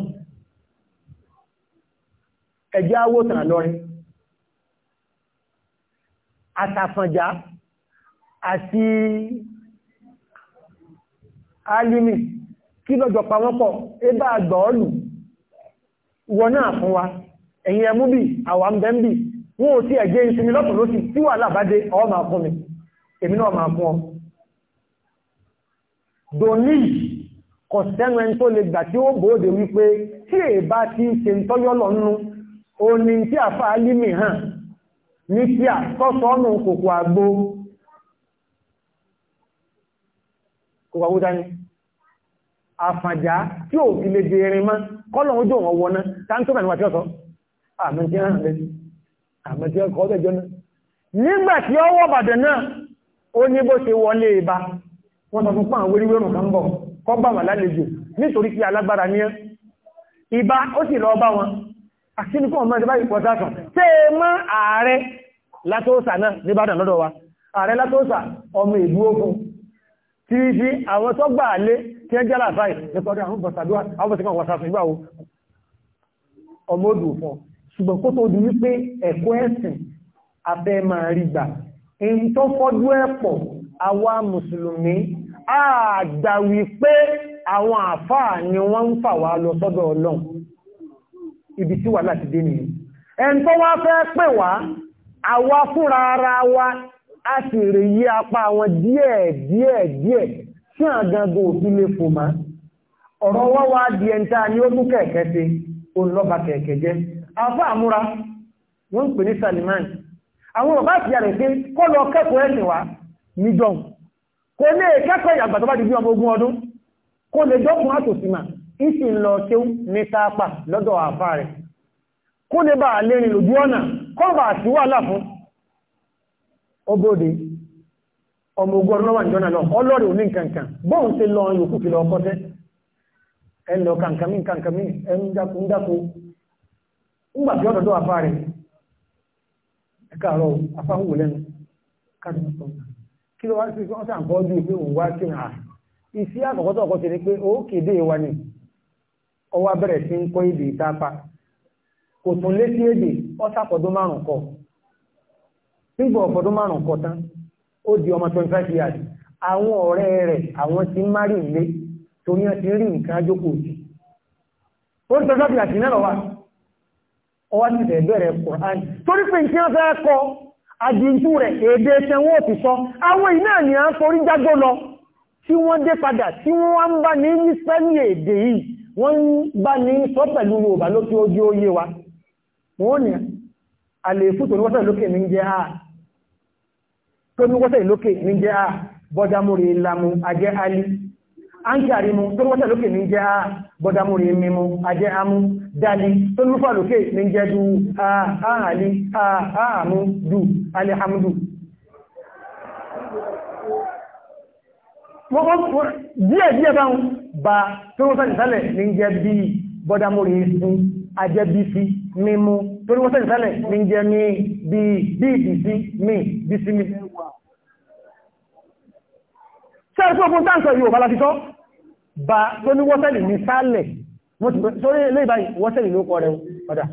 ẹjẹ́ awó tàn lọ́rin àtàfànjá àti alimi kí lọ́jọ́ pa wọ́n pọ̀ ẹbá àgbà ọlù wọ́n náà fún wa ẹ̀yìn ẹmú bí àwọn bẹ́m̀bì wọ́n ò tí ẹ̀gẹ́ ìsinmi lọ́tọ̀ ló ti tí wà lábádé ọ máa fún mi èmi náà máa fún ọ dòní kò sẹ́nu ẹni tó lè gbà tí ó bóòdè wípé tí ti tọ́yọ́lọ̀ tí hàn ní tí tọ́sọ́ kòkò àgbó àfàjá tí àmọ́tí ọkọ̀ ọbẹ̀ jọ náà nígbà tí ó wọ́ bàdàn náà ó ní bó ṣe wọlé ìbá wọ́n tọ́ fún pàà wéríwérùn kan bọ̀ kọ́ bà wà lálejò nítorí pé alágbára ní ìbá ó sì lọ bá wọn àṣínúkọ́ ọmọ ìdíbá ìpọ̀tásàn tẹ́ ẹ mọ́ ààrẹ látòsà náà níbàdàn lọ́dọ̀ wa ààrẹ látòsà ọmọ ìlú ogun tí fi àwọn tó gbà lé tí ẹ jẹ́ láàfáì nípa ọdún àwọn bọ̀sàdúwà àwọn bọ̀sàdúwà wọ̀sàfún ìgbà ọmọ òdù fún ṣùgbọ́n kó tó di wípé ẹ̀kọ́ ẹ̀sìn afẹ́ máa rí gbà èyí tó fọ́jú ẹ̀pọ̀ àwa mùsùlùmí àgbà wípé àwọn àfáà ni wọ́n ń fà wá lọ sọ́dọ̀ ọlọ́run ibi tí wà láti dé nìyí ẹn tó wá fẹ́ pè wá àwa fúnra ara wa a sì rè yí apá wọn díẹ̀ díẹ̀ díẹ̀ tí àgangan òfin lè fò má ọ̀rọ̀ wọ́n wá di ẹntá ni ó mú kẹ̀kẹ́ sí òun lọ́ba kẹ̀kẹ́ jẹ́ afọ́ àmúra wọ́n ń pè ní Salman àwọn ọ̀bá àti yàrẹ̀ pé kọ́ lọ kẹ́kọ̀ọ́ ẹ̀sìn wa ní john kò lè kẹ́kọ̀ọ́ ìyàgbà tó bá di ọmọ ogún ọdún kò lè jọ́kùn àtòsímà ìsì lọ tí ó ní lọ́dọ̀ rẹ̀ lè lójú ọ̀nà kọ́bà àti ńgbà tí ọ̀dọ̀dọ̀ àfá rẹ̀ ẹ̀kàrọ̀ àfá ń wò lẹ́nu káàkiri sọ kí ló wá sí wọ́n sàn kọ́ òun wá kí ha ìsí àkọ́kọ́tọ̀ ọkọ̀ ti ní pé ó kéde wa ni ọwá bẹ̀rẹ̀ sí ń kọ́ èdè ìtapa kò tún lé sí èdè ọ́sàkọ̀dún márùn kọ nígbà ọ̀fọ̀dún márùn kọ tán ó di ọmọ 25 years àwọn ọ̀rẹ́ rẹ̀ àwọn ti ń márì ilé torí ọwá ti fẹ̀ bẹ̀rẹ̀ Qur'an torí pé ìṣẹ́ fẹ́ kọ àjíjú rẹ̀ èdè tẹwọ́ ti sọ àwọn iná ni a ń forí jágbó lọ tí wọ́n dé padà tí wọ́n ń bá ní ní sẹ́ni èdè yìí wọ́n ń bá ní sọ pẹ̀lú Yorùbá lókè ojú oyé wọ́n lókè ní jẹ́ a tó ní wọ́sẹ̀ lókè áńkàrí mu tó wọ́n tẹ̀lókè ní jẹ́ bọ́dámúrí mímú ajẹ́ amú dálí tó lúfà lókè ní jẹ́ du àhàlí àhàmú du alihamdu díẹ̀ díẹ̀ bá ń ba tó wọ́n tẹ̀lókè sálẹ̀ ní jẹ́ bí bọ́dámúrí fún ajẹ́ bí sí mímú tó wọ́n tẹ̀lókè sálẹ̀ ní jẹ́ mí bí bí ìdí sí mí bí sí mí Ṣé bá tó ní wọ́sẹ̀lì ní sálẹ̀ sórí ilé ìbáyìí wọ́sẹ̀lì ló otu rẹ̀ padà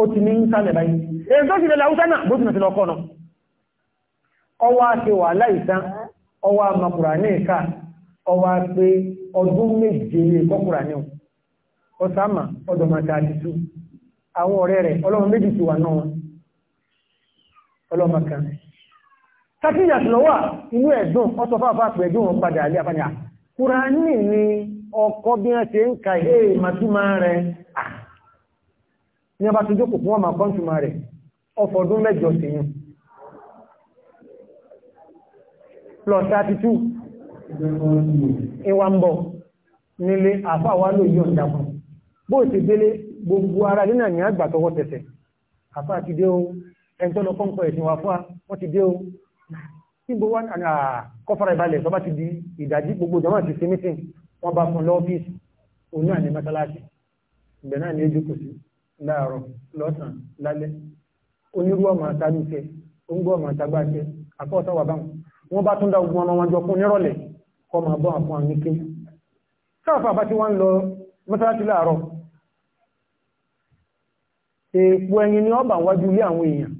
ó ti ní sálẹ̀ báyìí èyí tó sì lè láwúsá náà bó ti ọwá ṣe wà láìsán ọwá makùrà ní ìka ọwá pé ọdún méje kọkùrà ní àwọn ọ̀rẹ́ rẹ̀ méjì ti wà náà wọn ọlọ́mọ kan sákìyà lọ́wà inú ẹ̀dùn fáfáà Kùránì ni ọkọ̀ bí wọ́n ṣe ń ka èè màtúmà rẹ̀. Ní ọba tó jókòó fún ọmọ kọ́ntùmà rẹ̀, ọfọ̀dún mẹ́jọ sí yìí. Lọ 32, ìwà ń bọ̀ nílé àfáwà ló yọ ìjàpọ̀. Bó ti délé gbogbo ara nínà ní àgbà tọwọ́ tẹ̀tẹ̀. Àfáà ti dé o, ẹni níbo wá ní kọfàrà ìbalẹ̀ tó bá ti di ìdájí gbogbo jọmọ́ ti fi mítìn wọ́n bá fún lọ́fíìsì òun náà ní mọ́sálásì ìbẹ̀ náà ní ojú kò sí láàárọ̀ lọ́sàn lálẹ́ onírú ọmọ àtàlùfẹ́ oúnjẹ ọmọ àtàgbàṣẹ àkọ́ọ̀tọ̀ wà báwọn wọ́n bá tún dá ogun ọmọ wọn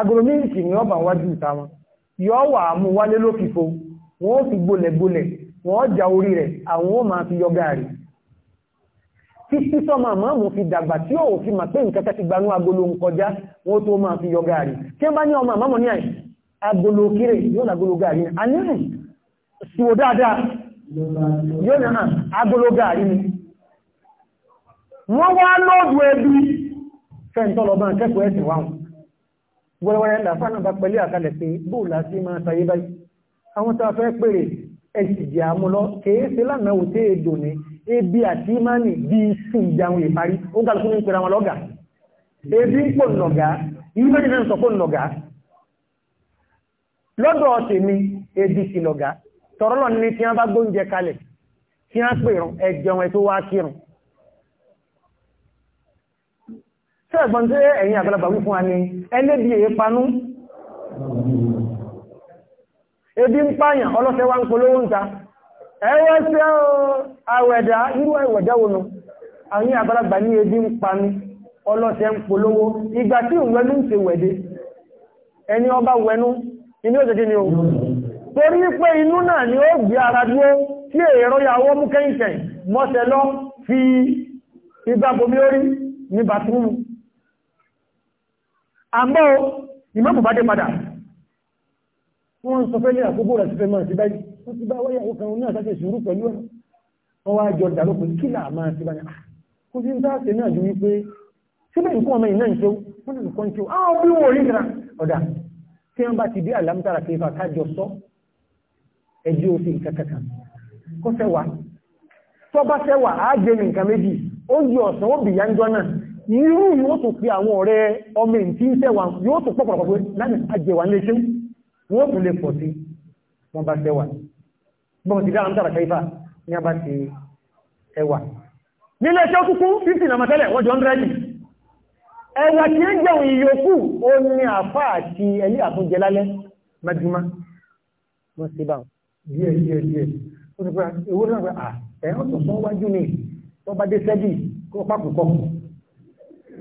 agolomíìkì ni ọba wájú ìta wọn yóò wà mú wálé lókìfo wọn ó fi gbolẹ̀gbolẹ̀ wọn ó jà orí rẹ̀ àwọn ó máa fi yọ gaàrí títí sọ́mà máa mú fi dàgbà tí ó fi mà pé nǹkan kẹ́kẹ́ gbanú agolo ń kọjá wọ́n tó máa fi yọ gaàrí tí bá ní ọmọ àmọ́mọ́ ní agolo kéré yóò ní dáadáa yóò agolo ni wọ́n wá lóòdù fẹ́ntọ́lọ́bá kẹ́kọ̀ọ́ ẹ̀sìn wáhùn wẹ́rẹ́wẹ́rẹ́ làfánà bá pẹ̀lú àkalẹ̀ pé bóòlá sí máa sayé báyìí àwọn tó fẹ́ pèrè ẹ̀sìdì àmúlọ kèése lánàá ò tẹ́ èdò ní ebi àti imani bí i sùn ìjáhùn ìparí ó kàlùkù ní pèrè àwọn lọ́gà ebi pò nọ̀gá imani náà sọ pò nọ̀gá lọ́dọ̀ tèmi ebi sì lọ̀gá tọ̀rọ̀lọ́ ní tí wọ́n bá gbóúnjẹ kalẹ̀ tí sẹ́ẹ̀gbọ́n tí ẹ̀yìn àgbàlagbà wí fún wa ni ẹlẹ́bí èé panú ebi ń pààyàn ọlọ́fẹ́ wá ń polówó ń ta ẹwẹ́ sí àwẹ̀dá irú àwẹ̀dá wọnú àwọn àgbàlagbà ní ebi ń panú ọlọ́fẹ́ ń polówó ìgbà tí ìwẹ̀nú ń ṣe wẹ̀dé ẹni ọba wẹ̀nú inú òjòjì ni o torí pé inú ni ó gbé ara dúró tí èrò yàwó mú kẹ́yìnkẹ́yìn mọ́sẹ̀ lọ fi àmọ́ ìmọ́mù bá dé padà wọ́n ń sọ fẹ́ ní àkókò rẹ̀ sí fẹ́ máa ti báyìí wọ́n ti bá wáyàwó kan ní àtàkì ìṣòro pẹ̀lú ẹ̀ wọ́n wá jọ dà lópin kí là máa ti ah, kò sí náà ju wípé síbẹ̀ nǹkan ọmọ ìná irú yóò tó pé àwọn ọ̀rẹ́ ọmọ ìtí ń sẹ́wà yóò tó pọ̀pọ̀pọ̀ láti àjẹwà ní ṣe wọ́n tó lè pọ̀ sí wọ́n bá sẹ́wà bọ́n ti dáhùn tàbí káífà ní a bá ti ẹwà nílé ẹṣẹ́ kúkú 50 na matẹ́lẹ̀ wọ́n jọ 100 ẹwà tí ń jẹun ìyókù ó ní àfá àti ẹlí àtúnjẹ lálẹ́ mẹ́júmá wọ́n sí bá díẹ̀ díẹ̀ díẹ̀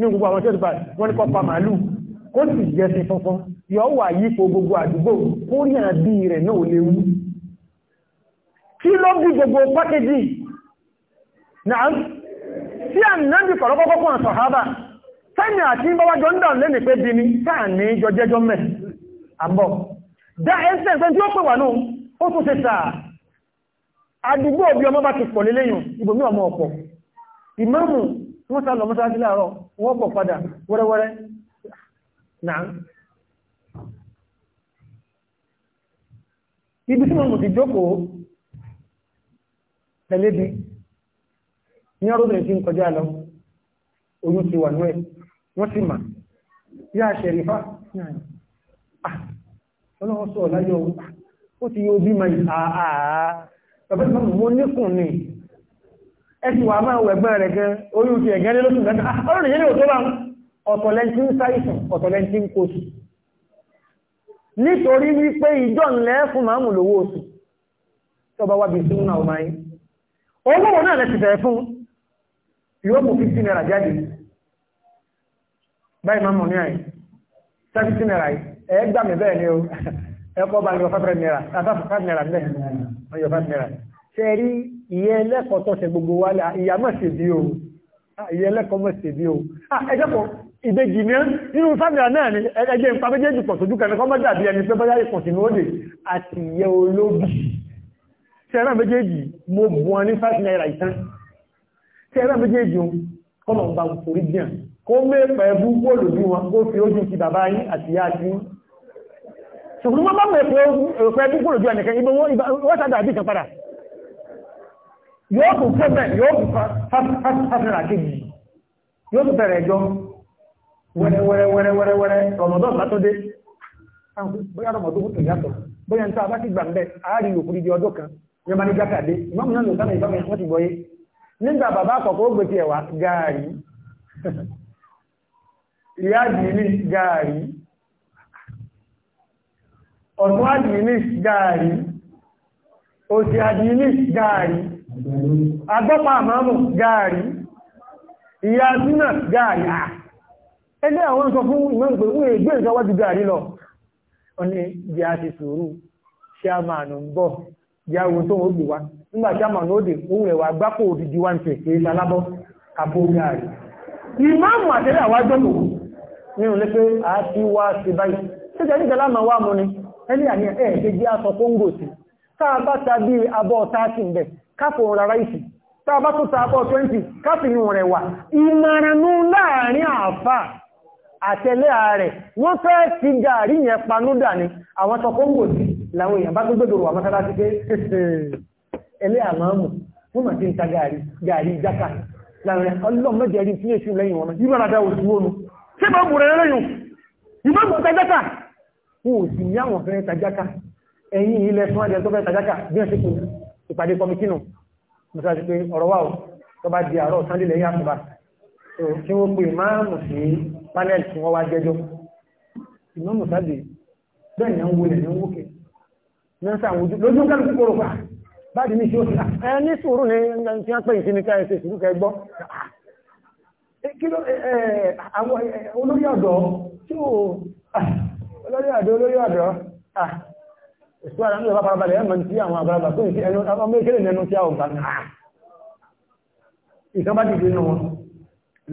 ní gbogbo àwọn tó ti wọ́n ní kọ́pa màálù kó sì sí fọ́fọ́ yọ wà yípo gbogbo àdúgbò kó rí àbí rẹ̀ náà léwu kí ló bí gbogbo pákéjì náà tí à ń náà bí kọ̀rọ̀kọ́kọ́ fún àṣọ̀hábà sẹ́yìn àti bọ́wájọ́ ń dàn lẹ́nì pé bí ní sáà ní mẹ́ àbọ̀ dá tí ó pè wà náà ó tún wọ́n sá lọ mọ́sáájú láàárọ̀ wọ́n pọ̀ padà wẹ́rẹ́wẹ́rẹ́ náà ibi tí wọ́n mú ti jókòó tẹ̀lébi ní ọdún tí ń kọjá lọ oyún ti wà ní ẹ̀ wọ́n sì mà yá ṣẹ̀rífà ah, ọlọ́wọ́ sọ láyọ̀ ó ti yóò bí ma àà ah, ah, ni ẹ̀sìn wà máa wẹ̀gbọ́n rẹ̀ gan orí oṣù ẹ̀gẹ́ lé lóṣù mẹ́ta ah, ọ̀rọ̀ ìyẹn ò tó bá ọ̀tọ̀lẹ́ntì ń sáìsàn ọ̀tọ̀lẹ́ntì ń kóṣù nítorí wípé ìjọ ńlẹ́ fún màámù lówó oṣù tó bá wábi sí náà ọmọ yìí owó náà lẹ́ti bẹ̀ẹ̀ fún yóò mú 15 naira jáde báyìí máa mọ̀ ní àyí 17 naira ẹgbà mi bẹ́ẹ̀ ni o ẹkọ́ bá yọ 5 naira 5 naira mẹ́ yọ 5 naira ṣe rí ìyẹ́ ẹlẹ́kọ̀ọ́ tọ́ṣẹ gbogbo wa lẹ́ ìyá mọ̀ sí bí o ah, ìyẹ́ ẹlẹ́kọ̀ọ́ mọ̀ sí bí o ah, ẹjọ́pọ̀ ìbejì ní nínú fámìlà náà ni ẹgbẹ́ ipa méjèèjì pọ̀ sójú kan kọ́mọ́ dàbí ẹni pé bọ́yá ìpọ̀ sínú òde àti ìyẹ́ olóbi ṣẹ́ràn méjèèjì mo bù wọn ní five naira ìtàn ṣẹ́ràn méjèèjì kọ́mọ̀ ń bá forí jẹ́ kó mẹ́pẹ̀ ẹbú kó lòdì wọn kó fi ojú ti bàbá yín àti ìyá yín ṣùgbọ́n wọ́n bá mẹ́pẹ̀ ẹbú kó lòdì wọn nìkan ibi wọ́n sádà bí kan padà yóò tún fún mẹ́ yóò tún fásitìrà kejì yóò tún bẹ̀rẹ̀ ẹjọ́ wẹ́rẹ́wẹ́rẹ́wẹ́rẹ́wẹ́rẹ́ rọmọdún látọ́dé bóyá rọmọdún tó yàtọ̀ bóyá ń tọ́ abá ti gbà ń bẹ́ àárín òkú di ọjọ́ kan yóò máa ní jákàdé ìmọ̀mù náà ló sábà ìbámu ẹ̀kọ́ ti gbọ́yé nígbà bàbá àkọ́kọ́ ó gbèsè ẹ̀wà gaari ìyá àdìní gaari ọ̀tún àdìní gaari òsì àdìní gaari agbọ́pa àmàmù gaari ìyá sínà gaari à ẹgbẹ́ àwọn sọ fún ìmọ̀ ìpè wọ́n gaari lọ ọ̀nà ìjẹ́ àti sùúrù ń bọ̀ tó gbò wá nígbà òdìdí wá ń gaari ìmáàmù àtẹ́lẹ̀ àwọn a ti wá sí báyìí tí jẹ́ nígbà láàmà wá ni káfò rárá ìsì tá a bá tó tààbọ̀ 20 káfìnú rẹ̀ wà ìmọ̀rànú láàrin àfà àtẹ̀lẹ́ ààrẹ wọ́n fẹ́ ti gàrí yẹn panúdà ni àwọn tọkọ́ngbò sí làwọn èèyàn bá gbogbo wà mọ́tàlá ti pé ẹlẹ́ àmọ́mù wọ́n mà ti ń ta gàrí gàrí jákà láàrin ọlọ́mọdéẹ̀rí tí èṣù lẹ́yìn wọn yìí rárá dáwọ̀ sí wọn ṣé bá bùrẹ̀ lẹ́yìn ìbá bùrẹ̀ tajákà wọn ìpàdé kọmitínù mọ́sájú pé ọ̀rọ̀ wà tó bá di àárọ̀ sunday lẹ́yìn àkùbà tí wọ́n pè máàmù sí panel tí wọ́n wá jẹ́jọ́ ìmọ̀ mọ́sájú bẹ́ẹ̀ ni wọlé ní wókè náà sàwọn ojú lójú nǹkan kí kòrò pa ah, báàdì ní ṣíòsì ẹ ní sùúrù ní tí ah, ah, olórí ọ̀dọ́ olórí ọ̀dọ́ olórí ìṣúra ní ọba farabalẹ̀ ẹ̀mọ̀ tí àwọn àgbàlagbà tó ìṣẹ́ ẹnu ọmọ ìkẹ́lẹ̀ nẹnu tí a ò gbà náà ah! ìṣọ́bá dìde nù wọn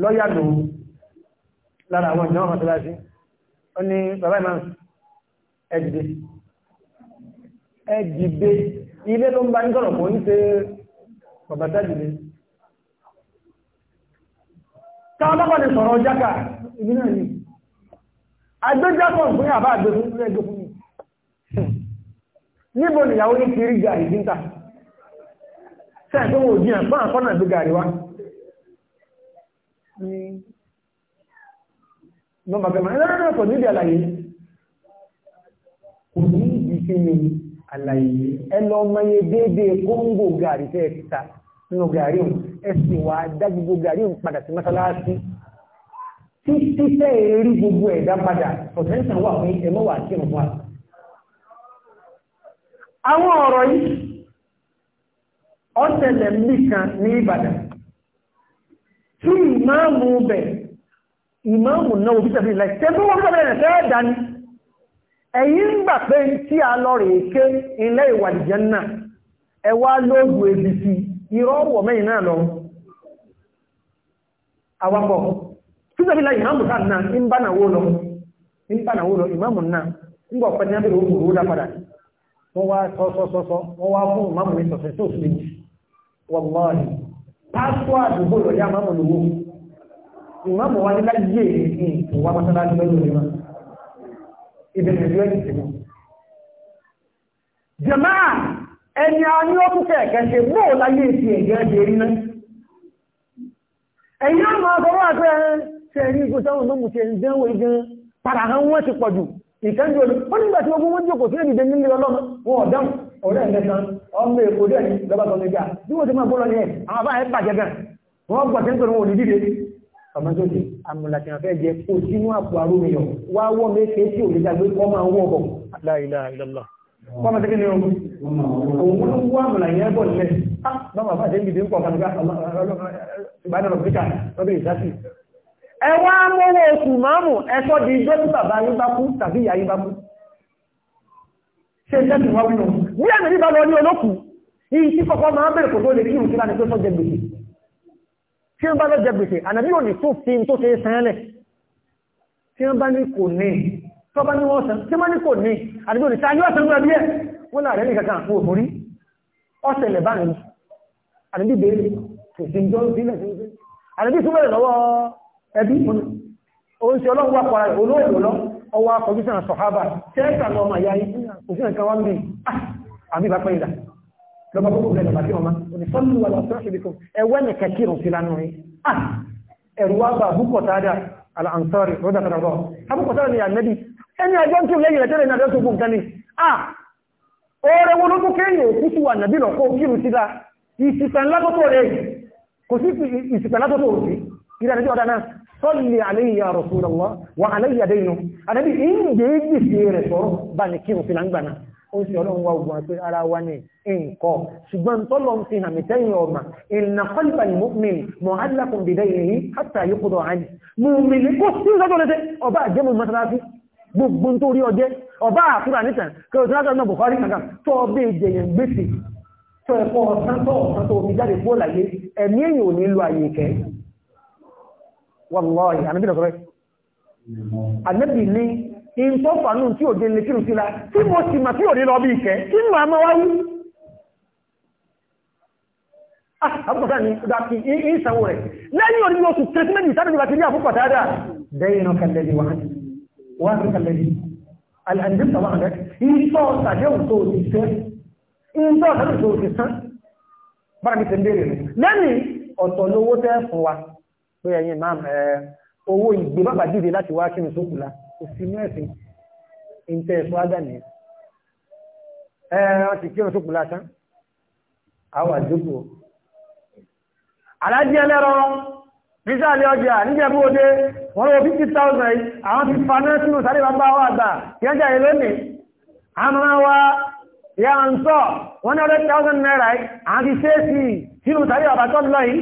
lọ́yà lò lára àwọn ìjọba mọ́sálásí ó ní bàbá ìmọ̀ ẹ̀dìdè ẹ̀dìdè ilé ló ń bá ní sọ̀rọ̀ kò ń ṣe bàbá sájìdè táwọn bàbá ní sọ̀rọ̀ jákà ìbí náà ni àgbéjápọ̀ fún àbá níbo nìyàwó ní kiri gàrí díntà sẹ́ẹ̀tọ́ wò jíyàn fún àkọ́nà ìlú gàrí wá ní nọ́mbà gẹ́mà ẹ̀lẹ́rẹ́ ọ̀pọ̀ níbi àlàyé kò ní ìdíkíni àlàyé ẹlọ ọmọye déédé kóńgò gàrí tẹ́ ẹ̀ta nínú gàrí òun ẹ̀sì wà dá gàrí òun padà sí mọ́sálásí gbogbo ẹ̀dá padà wà fún àwọn ọ̀rọ̀ yìí ọ̀sẹ̀lẹ̀ nìkan ní Ìbàdàn tí ìmáàmù bẹ̀ ìmáàmù náà òbí tẹ̀fì ilẹ̀ tẹ́bí wọ́n tẹ́bẹ̀rẹ̀ tẹ́ẹ̀ dání ẹ̀yìn ń gbà pé tí a lọ rè ké ilẹ̀ ìwàdìjẹ́ náà ẹ wá lóògùn ebi sí mẹ́yìn náà lọ awapọ̀ tí tẹ́bí ilẹ̀ ìmáàmù náà ń wọ́n wá sọ́sọ́sọ́sọ́ wọ́n wá fún ìmáàmù mi sọ̀sẹ̀ tó fi méjì wọ́lọ́ọ̀lì pásítọ̀ àdúgbò lọ́yà máàmù lówó ìmáàmù wa nílá yé èkó wá mọ́sálásí lọ́dún ní wọn ìbẹ̀rẹ̀ ìlú ẹ̀yìn sí wọn. jẹ̀máà ẹni a ní ọ́kú kẹ̀kẹ́ ṣe bóò láyé ti ẹ̀gẹ́ ẹ̀jẹ̀ rí náà ẹ̀yìn àmọ́ àkọ́wọ́ àpẹẹrẹ ṣe rí igun táwọn olómùtẹ̀ ń dánwò igan padà hàn wọ́n ti pọ̀ jù ìkánjú olú wọ́n nígbà tí ogun wọ́n jòkó sí èdè nílé ọlọ́mọ wọn ọ̀dáhùn ọ̀rẹ́ ẹ̀lẹ́sàn ọmọ èkó dẹ̀ ní lọ́bà tó ní gbà bí wọ́n ti máa bọ́lọ́ ní ẹ̀ àwọn àbá ẹ̀ bàjẹ́ gan wọ́n gbọ́ tí ń pẹ̀lú wọn olùdíje ọmọ tó ti amúlàtí àfẹ́ jẹ kó sínú àpò arúmi yọ wá wọ́ méṣe tí ò lè dàgbé kọ́ máa wọ́ ọkọ̀ láìláìlọ́lọ́ ẹwà mọ́wọ́ oṣù márùn ẹ̀ṣọ́ di igbó tí bàbá yín bá kú tàbí ìyá yín bá kú ṣe jẹ́sì wá wínú ní ẹ̀mì ní bàbá ní olókù yìí tí kọ́kọ́ máa bẹ̀rẹ̀ kò tó lè kírù sílá ní tó sọ jẹ gbèsè tí wọ́n bá lọ jẹ gbèsè ànàbí ò ní tó fi tó ṣe sẹ́ẹ̀lẹ̀ tí wọ́n bá ní kò ní tó bá ní wọ́n sàn tí wọ́n ní kò ní ànàbí ní sáyé ọ̀sán ní ẹbí ẹ̀ wọ́n láàrẹ̀ ní kankan fún òfòrí ọ̀sẹ̀ lẹ̀ báyìí ànàbí bèèrè kò sí jọ́ sílẹ̀ ànàbí súnmọ́ ẹbí oúnjẹ ọlọ́run wà pàrà olóògbò lọ ọwọ́ akọ̀gísàn sọ̀hábà tẹ́ẹ̀kà lọ ọmọ ìyá òsìnà kan wá ń ah, bí àbí bá pẹ́yìdà lọ́pàá gbogbo rẹ̀ lọ́pàá tí ọmọ onífọ́nù wà lọ́pàá ṣe bí kan ẹwẹ́ nìkan kírun sí lánàá yìí ah, ẹ̀rù wá bá búkọ̀ ni àmẹ́bí lẹ́yìn rẹ̀ ní àjọ tó gbogbo nǹkan ni ọ̀rẹ́ ah, wọn ló tó kéèyàn òkú sí wà nàbí lọ́kọ́ kírun sí la ìsìnkàn látọ́tọ̀ rẹ̀ kò sí ìsìnkàn látọ́tọ̀ òsì ìrìn àjọ ọ̀dà sọ́lì àléyà rọ̀sùlọ́wọ́ wà àléyà dẹ́yìn àdẹ́bí ìyẹ́ gbèsè rẹ̀ sọ́rọ̀ bá ní kí òfin àgbàna ó sì ọlọ́run wá ogun àti ara wa ní nǹkọ́ ṣùgbọ́n tọ́lọ ń fi hàmì tẹ́yìn ọmọ ìnà kọlùbà ní mọ́kùnrin mọ́ alákùn bìdẹ́ ìrìn yìí hátà yóò kúrò àní mú mi ní kó sí lọ́jọ́ lẹ́tẹ́ ọba àjẹmù mọ́sálásí gbogbo tó ọjẹ́ ọba àkúrà nìtàn kí ọjọ́ lọ́jọ́ náà Bukhari kankan tó ọbẹ̀ ìjẹyàn gbèsè tó ẹ̀kọ́ ọ̀sán tó ọ̀sán tó omi jáde kúrò láyé ẹ̀mí èyàn ò ní lo àyè ìkẹ́ wàlọ́ọ̀yì ànábì lọ́sọ̀rọ̀ ànábì ní ìntọ́fàánù tí ò dé lékírù síla tí mo sì mà tí ò ní lọ bí ìkẹ́ kí ní máa wáyé ah, àbúkọ̀tà ní ìdákì ìsanwó rẹ̀ lẹ́yìn orí oṣù kìrìsìmẹ́jì sáàdì láti rí àbúkọ̀tà bára mi tẹ́ ń bèèrè rẹ̀ lẹ́yìn ọ̀tọ̀ lówó tẹ́ fún wa pé ẹ̀yin máa ẹ̀ owó ìgbé bàbá dìde láti wá kí ní sókùlá kò sí inú ẹ̀sìn ìǹtẹ̀ ẹ̀sọ́ ádà nìyẹn ẹ̀ wọ́n ti kí ní sókùlá tán àwọn àdúgbò alájí ẹlẹ́rọ nísàlẹ̀ ọjà níjẹ̀bú òde wọ́n lọ 50,000 àwọn ti faná sínú sáré bàbá wà gbà kí yìí lónìí àmọ́ wa ìyá ń sọ 100,000 naira àwọn ti ṣe sí sínú sáré bàbá tọ́lọ́ yìí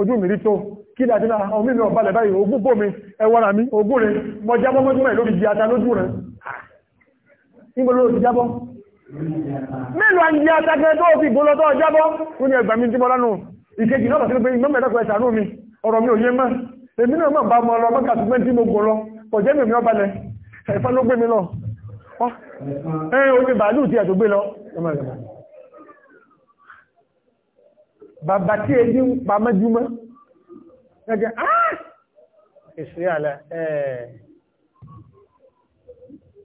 ojú mi rí tó kí láti náà àwọn mímọ̀ ọ̀bálẹ̀ báyìí ogún bò mi ẹwọ́ra mi ogún rẹ̀ mọ jábọ́ mọ́jú rẹ̀ lórí jíata lójú rẹ̀ níbo ló ti jábọ́ mélòó àti jíata kẹ́ tó fi gbólọ́ tó mi ọ̀rọ̀ mi ò yé mọ́ èmi náà mọ̀ bá mọ́ lọ mi ò balẹ̀ ẹ̀fọn ló gbé mi lọ ẹ̀ omi bàálù ti ẹ̀ tó gbé lọ bàbá tí èyí ń pa mẹ́júmọ́ gẹ́gẹ́ ah ìṣẹ́ àlẹ́ ẹ̀ẹ́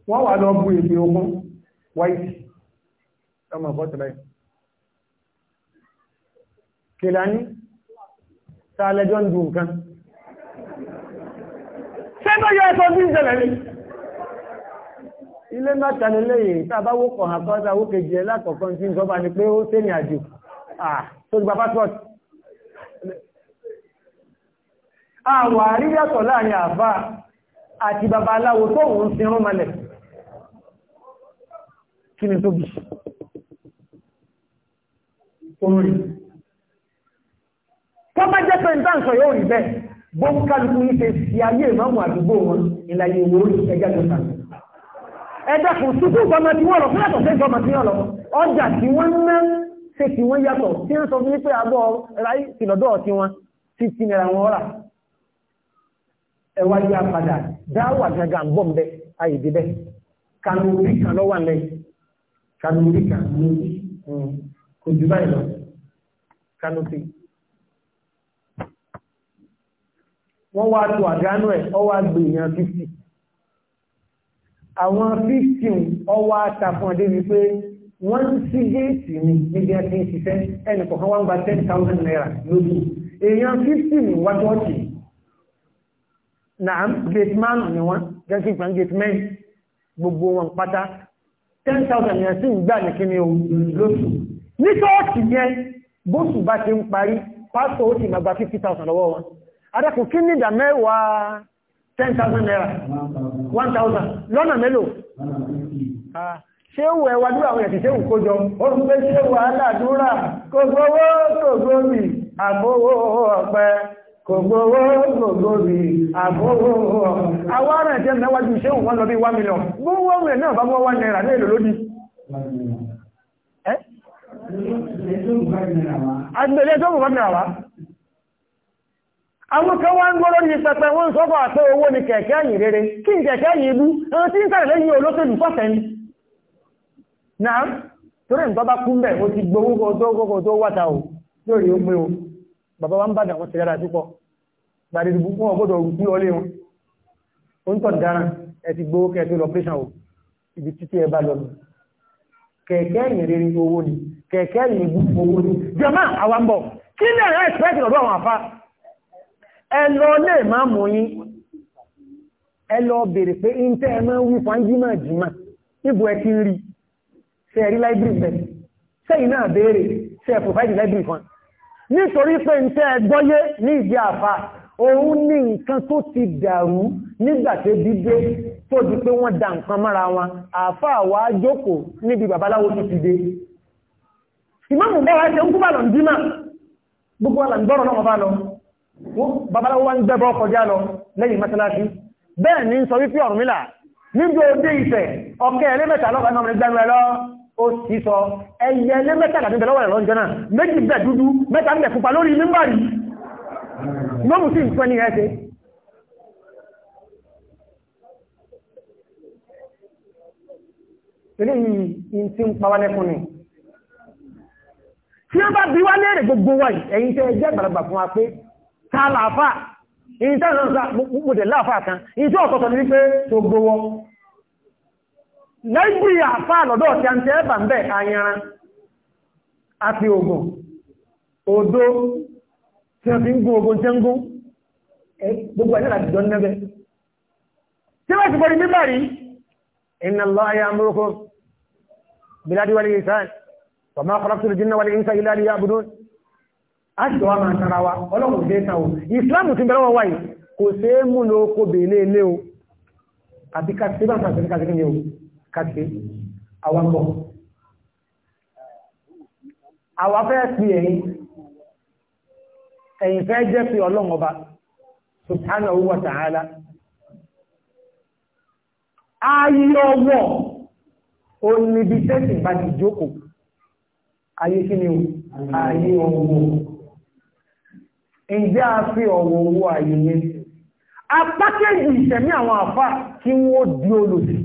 wọ́n wà lọ bú èdè ogun white ọmọ bọ́tẹ̀lẹ̀ kìlání sáàlẹ́jọ́ ń du nǹkan sẹ́tọ̀ yọ ẹ̀tọ́ bí ìṣẹ̀lẹ̀ ni ilé mẹ́ta nílé yìí tàbáwó kọ̀ọ̀hàn kọ́ta wókèjì ẹlákọ̀ọ́kan tí ń sọ́bà ni pé ó tẹ́ni àjò ah tó ti gba passport àwọn àríyàtọ̀ láàrin àbá àti bàbá aláwo tó wùn sí rún malẹ̀ kí ni tó bí orin tó bá jẹ́ pé ìtànsọ̀ yóò rí bẹ́ẹ̀ bó ń kálukú ní ṣe sí ayé ìmọ̀mù àdúgbò wọn ìlàyé ìwò orí ẹjá tó sàn ẹjá kò sí fún ìgbọmọ tí wọ́n lọ fún ẹ̀tọ̀ sí ìgbọmọ tí wọ́n lọ ọjà tí wọ́n ná ṣé tí wọ́n yàtọ̀ tí ń sọ wípé àbọ̀ ráyí ìlọ́dọ̀ tí wọ́n ti ti nira wọn rà ẹwà yá padà dáwà gangan ń bọ̀ ń bẹ ayé débẹ̀ kanu orí kan lọ́wọ́ lẹ kanu orí kan hmm. kò jù báyìí lọ kanu ti. wọ́n wá tó àdánù ẹ̀ ọwọ́ àgbè èèyàn 50 àwọn 50 ọwọ́ àtàfún ọdẹ́ wípé wọ́n sí géètì ní níbi ẹ̀sìn ìṣiṣẹ́ ẹnì kọ̀ọ̀kan wọ́n gba ten thousand naira lójú èèyàn fifty ní wájú ọ̀tì náà gate man ni wọ́n gẹ́gẹ́ ìgbà gate men gbogbo wọn pátá ten thousand naira sí ìgbà ní kíni o lóṣù ní ṣọ́ọ̀tì yẹn bóṣù bá ti ń parí pásítọ̀ ó sì máa gba fifty thousand lọ́wọ́ wọn adakùn kí ní ìdá mẹ́wàá ten thousand naira one thousand lọ́nà mélòó ṣéwù ẹwà dúrà àwọn ẹ̀sìn ṣéwù kójọ ó ń pé ṣéwù aládúrà kò gbówó kò gbóbi àbówó ọ̀pẹ kò gbówó kò gbóbi àbówó àwọn ará wọn lọ bí wá mílíọ̀n gbówó náà bá wá náírà ní rere kí n kẹ̀kẹ́ ẹni tí ń sàrẹ̀ lẹ́yìn olóṣèlú náà torí nǹkan bá kún bẹ́ẹ̀ o ti gbowó kó tó kókó tó o lórí o pé o bàbá wa ń bàdàn wọn ti dára sí pọ̀ gbàdé ìdìbò fún ọgọ́dọ̀ òrùn sí ọlé wọn ó ń tọ̀ dára ẹ ti gbowó kẹ́ tó lọ pẹ́sàn o ibi títí ẹ bá lọ nù kẹ̀kẹ́ ẹ̀yìn rere owó ni kẹ̀kẹ́ ẹ̀yìn ibú owó ni jẹ́mọ́ àwọn bọ̀ kí ni ẹ̀rọ ẹ̀sìpẹ́tì lọ́dọ̀ àwọn afá ẹ lọ lè má mú yín ẹ lọ bèèrè pé ń ẹ máa ń wí fún ángímà ibù ẹ ti rí i ṣe ẹ̀rí library bẹ̀ sẹ́yìn náà béèrè ṣe ẹ̀ provide library kan nítorí pé ń tẹ́ ẹgbọ́yé ní ìdí àfà òun ní nǹkan tó ti dàrú nígbàtí dídé tó di pé wọ́n da nǹkan mára wọn àfà wá jókòó níbi babaláwo tó ti dé ìmáàmù bá wá ṣe ń kúbà lọ ń dímà gbogbo àlà ń gbọ́rọ̀ náà bá lọ babaláwo wá ń gbẹ́bọ́ kọjá lọ lẹ́yìn mọ́sálásí bẹ́ẹ̀ ni ń sọ wípé Ọ̀rúnmìlà níbi òde ìfẹ́ ọ̀kẹ́ ẹlẹ́mẹ̀ta lọ́gbà náà ó sì sọ ẹyẹ ilé mẹ́ta àti ìbẹ̀lọ́wọ̀ ẹ̀rọ ìjọ náà méjì bẹ̀ dúdú mẹ́ta ń bẹ̀ pupa lórí mímbà rí mọ́mù sí nǹkan ní ẹ̀ṣẹ́ eléyìí tí ń pa wá lẹ́kùn ni tí ó bá bí wá léèrè gbogbo wa ẹ̀yin tẹ́ ẹjẹ́ gbàlagbà fún wa pé ta làáfà ìyìn tẹ́ ìrànlọ́sà mo dẹ̀ láàfà kan ìyìn tí lẹ́yìn àfá lọ́dọ̀ tí a ń tẹ́ ẹ̀bà ń bẹ̀ ayanran àti ogun odó tí a fi ń gún ogun tí a ń gún gbogbo ẹ̀nà àti nẹ́bẹ̀ tí wọ́n ti bọ́rí mímọ̀ rí inna Allaha ya'murukum bil 'adli wal ihsan wa ma khalaqtul kàgbé àwàkọ̀. Àwa fẹ́ fi ẹ̀yìn, ẹ̀yìn fẹ́ jẹ́ fi ọlọ́run ọba, subhanahu wa ta'ala. Ayé ọwọ́ oníbi tẹ́sì bá ti jókòó, ayé kí ni o, ayé ọwọ́. Ìjẹ́ a fi ọwọ́ owó ayé yẹn. Apákẹ́jì ìṣẹ̀mí àwọn àfá kí wọ́n di olùsìn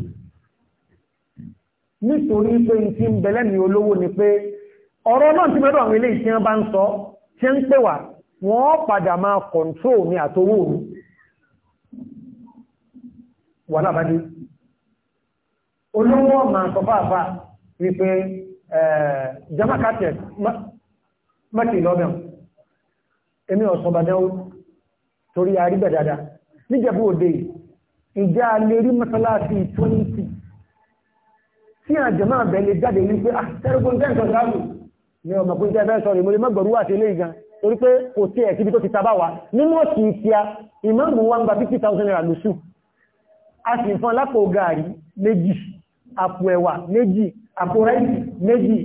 nítorí pé n ti ń bẹ̀lẹ́ ní olówó ni pé ọ̀rọ̀ náà ti bẹ̀rẹ̀ àwọn eléyìí tí wọ́n bá ń sọ tí ń pè wà wọ́n padà máa kọ̀ntró ní àtọwó mi wà lábádé olówó máa sọ fáfá wípé jama cartel mọ́tì lọ́dọ̀ èmi ọ̀sán bàdáwó torí arígbẹ̀ dáadáa níjẹ̀bú òde ìjà lérí mọ́sálásí 20 tí àjẹmọ́ àbẹ̀ lè jáde ní pé àtẹ́rùkún jẹ́ nǹkan sáàmù ní ọmọ pín jẹ́ fẹ́ sọ̀rọ̀ ìmọ̀lẹ́ mọ́gbọ̀rú àti ilé ìgan torí pé kò tí ẹ̀ kíbi tó ti tabá wa nínú òsì ìfíà ìmọ̀mù wa ń gba 50,000 naira lóṣù a sì fún lápò gààrí méjì àpò ẹ̀wà méjì àpò ráìsì méjì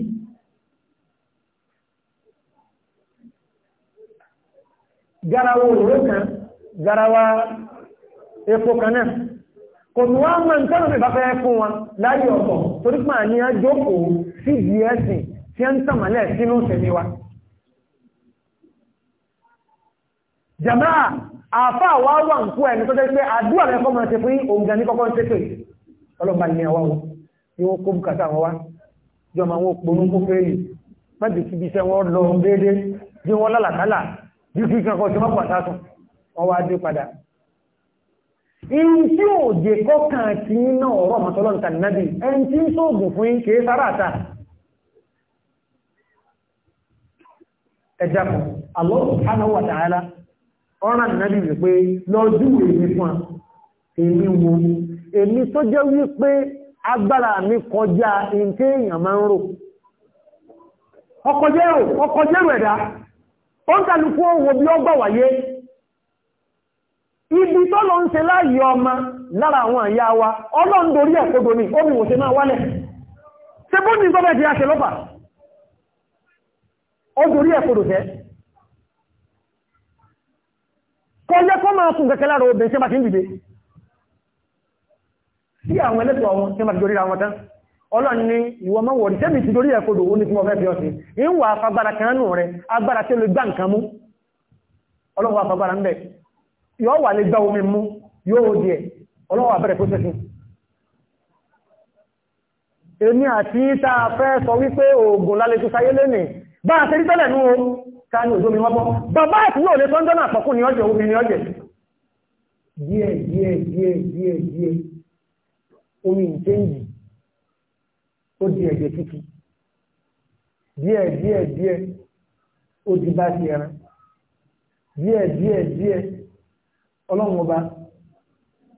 garawa òróró kan garawa epo kan náà kò ní wá mọ̀ nǹkan lómi bá fẹ́ fún wọn láyé ọ̀tọ̀ torí pé àní àjókòó sí dsc tí ó ń tàmálẹ̀ sínú ìṣẹ̀lẹ̀ wa. jàmbá àfa àwa wà ń kú ẹni tó jẹ́ pé àdúrà rẹ̀ kọ́ máa ṣe fún òǹgà ní kọ́kọ́ ń tẹ́tẹ̀ ọlọ́ba ní àwa wọn ni wọ́n kó bùkátà àwọn wa jọ máa wọ́n pònú kó fẹ́ẹ̀lì má ti fi iṣẹ́ wọn lọ déédéé bí wọ́n lálàkálà bí kí kankan ti pàtàkùn wọ́n wá dé padà in tí ò jẹ kọ́kàn tí náà ọ̀rọ̀ mọ́tọ́lọ́n tàbí ẹni tí ń sóògùn fún yí kìí sára àtà ẹjàkùn Allah wípé lọ́jú èmi fún èmi wo èmi tó jẹ́ wípé agbára mi kọjá in èèyàn máa ń rò ọkọjẹ́rò ẹ̀dá ó ń tàlùkú ibi tọ́lọ ń se láàyè ọmọ lára àwọn àyà wa ọlọ́run dorí ẹ̀kọ́dọ̀ ní omi òṣè máa wálẹ̀ ṣe bó ní tí a ṣe lọ́pàá ó dorí ẹ̀kọ́dọ̀ tẹ́ kọjẹ́ kọ́ máa kún kẹ́kẹ́ lára obìnrin tí ń dìde sí àwọn ẹlẹ́tọ̀ àwọn tán yóò wà lè gbá omi mú yóò di ẹ̀ ọlọ́wà bẹ̀rẹ̀ tó sẹ́sìn èmi àti ìta fẹ́ sọ wípé oògùn lálẹ́ tó lẹ́nì bá àti rí ní o ká ní òjò mi wọ́pọ̀ bàbá àti yóò lè tọ́jọ́ náà pọ̀kún ní ọjọ́ omi ní ọjọ́ díẹ̀ díẹ̀ díẹ̀ díẹ̀ díẹ̀ omi ìtẹ́yìn ó di ẹ̀jẹ̀ kíkí díẹ̀ díẹ̀ díẹ̀ ó di bá ti ẹran díẹ̀ díẹ̀ díẹ̀ ọlọ́run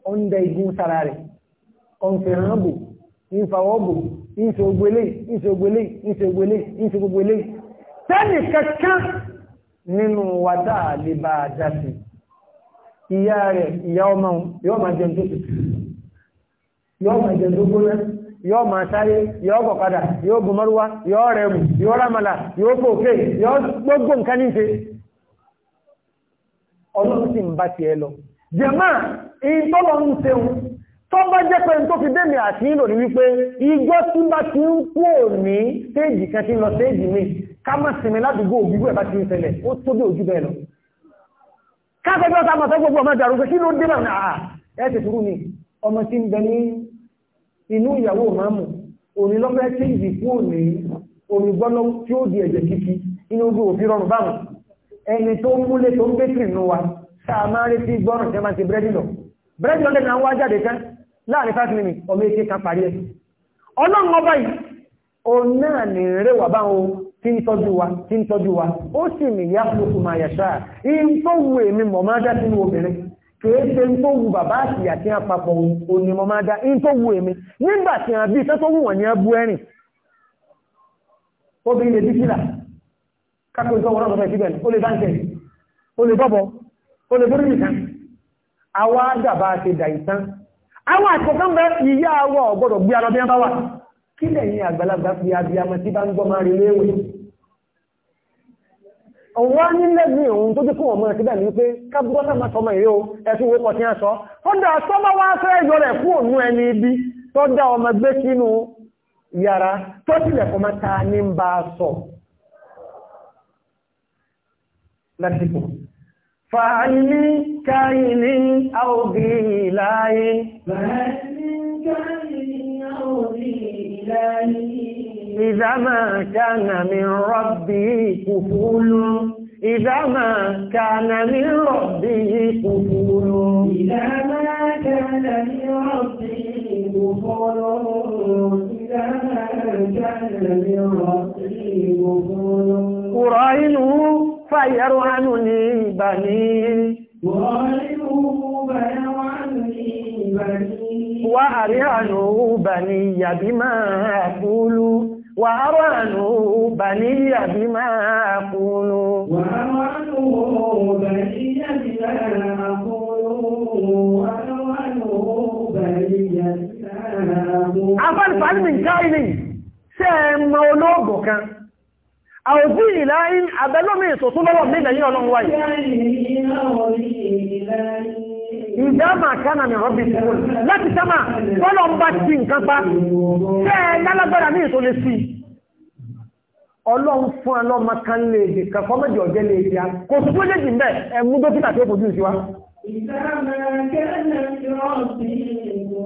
ọ ó igun sára rẹ̀ ó bò ń fawọ́ bò ń ṣe gbogbo eléyìí ya nínú wa a lè bá ìyá rẹ̀ ìyá ọmọ yóò máa jẹun tó yóò máa jẹun tó gbóná yóò máa ọlọ́run sì ń bá ti ẹ lọ jẹ̀má èyí tọ́lọ ń seun tó bá jẹ́ pé tó fi dẹ́mi àti ìlò ní wípé ìjọ tí bá ti ń kú òní stéèjì kan ti lọ stéèjì mi ká má sinmi ládùúgbò òbí bẹ́ẹ̀ bá ti ń ṣẹlẹ̀ ó tó bí ojú bẹ́ẹ̀ lọ káfẹ́ bí wọ́n ta mọ̀ sẹ́ gbogbo ọmọ ìdàrú pé kí ló dé náà náà ẹ ti sùúrù ni ọmọ tí ń bẹ ní inú ìyàwó màmù òní lọ́fẹ́ stéèjì kú òní òní gbọ́lọ́ tí ó di ẹni tó ń múlé tó ń gbé tìrì nù wa sáà máa ń retí gbọ́rùn tí wọ́n ti búrẹ́dì lọ búrẹ́dì lọ́dẹ̀ náà wá jáde tán láàrin five minutes ọmọ èké kan parí ẹ̀ ọlọ́run ọba yìí òun náà ní rẹ̀ wà báwọn tí ń tọ́jú wa tí ń tọ́jú wa ó sì ní ìyá fúlùkù máa yàṣá in tó wù èmi mọ̀ máa dá sínú obìnrin kìí ṣe in tó wù bàbá àti ìyá tí a papọ̀ òní mọ̀ máa dá in tó wù èmi nígbà tí a bí iṣẹ́ tó wù wọ́n ní a bú ẹ̀rìn obìnrin lè bí sílà kápẹ́ ìjọ wọ́n rọ̀fẹ́ síbẹ̀ ó lè dáńtẹ̀ ó lè bọ́bọ̀ ó lè bórí nìkan àwọn àgbàbà ti dà ìtàn àwọn àtìkọ́kán bẹ ìyá àwọ̀ ọ̀gbọ́dọ̀ gbé alọ́bí bá wà kí lẹ́yìn àgbàlagbà fi abiyamọ tí bá ń gbọ́ máa rí léwé ọ̀wọ́ nílẹ́gbìn òun tó dínkù ọmọ ẹ̀síbẹ̀ ní pé kábúrọ́tà máa sọmọ ìrẹ́ o ẹ̀sùn owó kọ̀tí àṣọ ó dà sọ́mọ́ wá fẹ́ yọ rẹ̀ fún òun ẹni ibi tó dá ọmọ gbé sínú yàrá tó tilẹ̀kọ́ máa ní bá sọ lásìkò fàálí káyìní àòbí ìláyé ìdámà kánà mi rọ́bí kùfúlú ìdámà kánà mi rọ́bí kùfúlú ìdámà kánà mi rọ́bí kùfúlú ìdámà kánà mi rọ́bí kùfúlú فيرعني بني وأرهن بني بما أقول وأرهن بني بما أقول وأرهن بني بما أقول أفن فعل من كائني سيما ولوبك àwòfí ìlà in àbẹ́lómi ìtòtún lọ́wọ́ mílẹ̀ yí ọlọ́run wáyé ìdámà kánà ní ọ̀rọ̀ bíi fún láti sámà tọ́lọ̀ ń bá ti nǹkan pa tẹ́ ẹ lálágbára ní ìtòlẹ̀ sí ọlọ́run fún ọlọ́mọ kan lè dè kàkọ́ méjì ọ̀jẹ́ lè dè kò sí tó lè dì mbẹ́ ẹ mú dókítà tó fojú sí wa. ìdámà kánà ní ọ̀rọ̀ bíi fún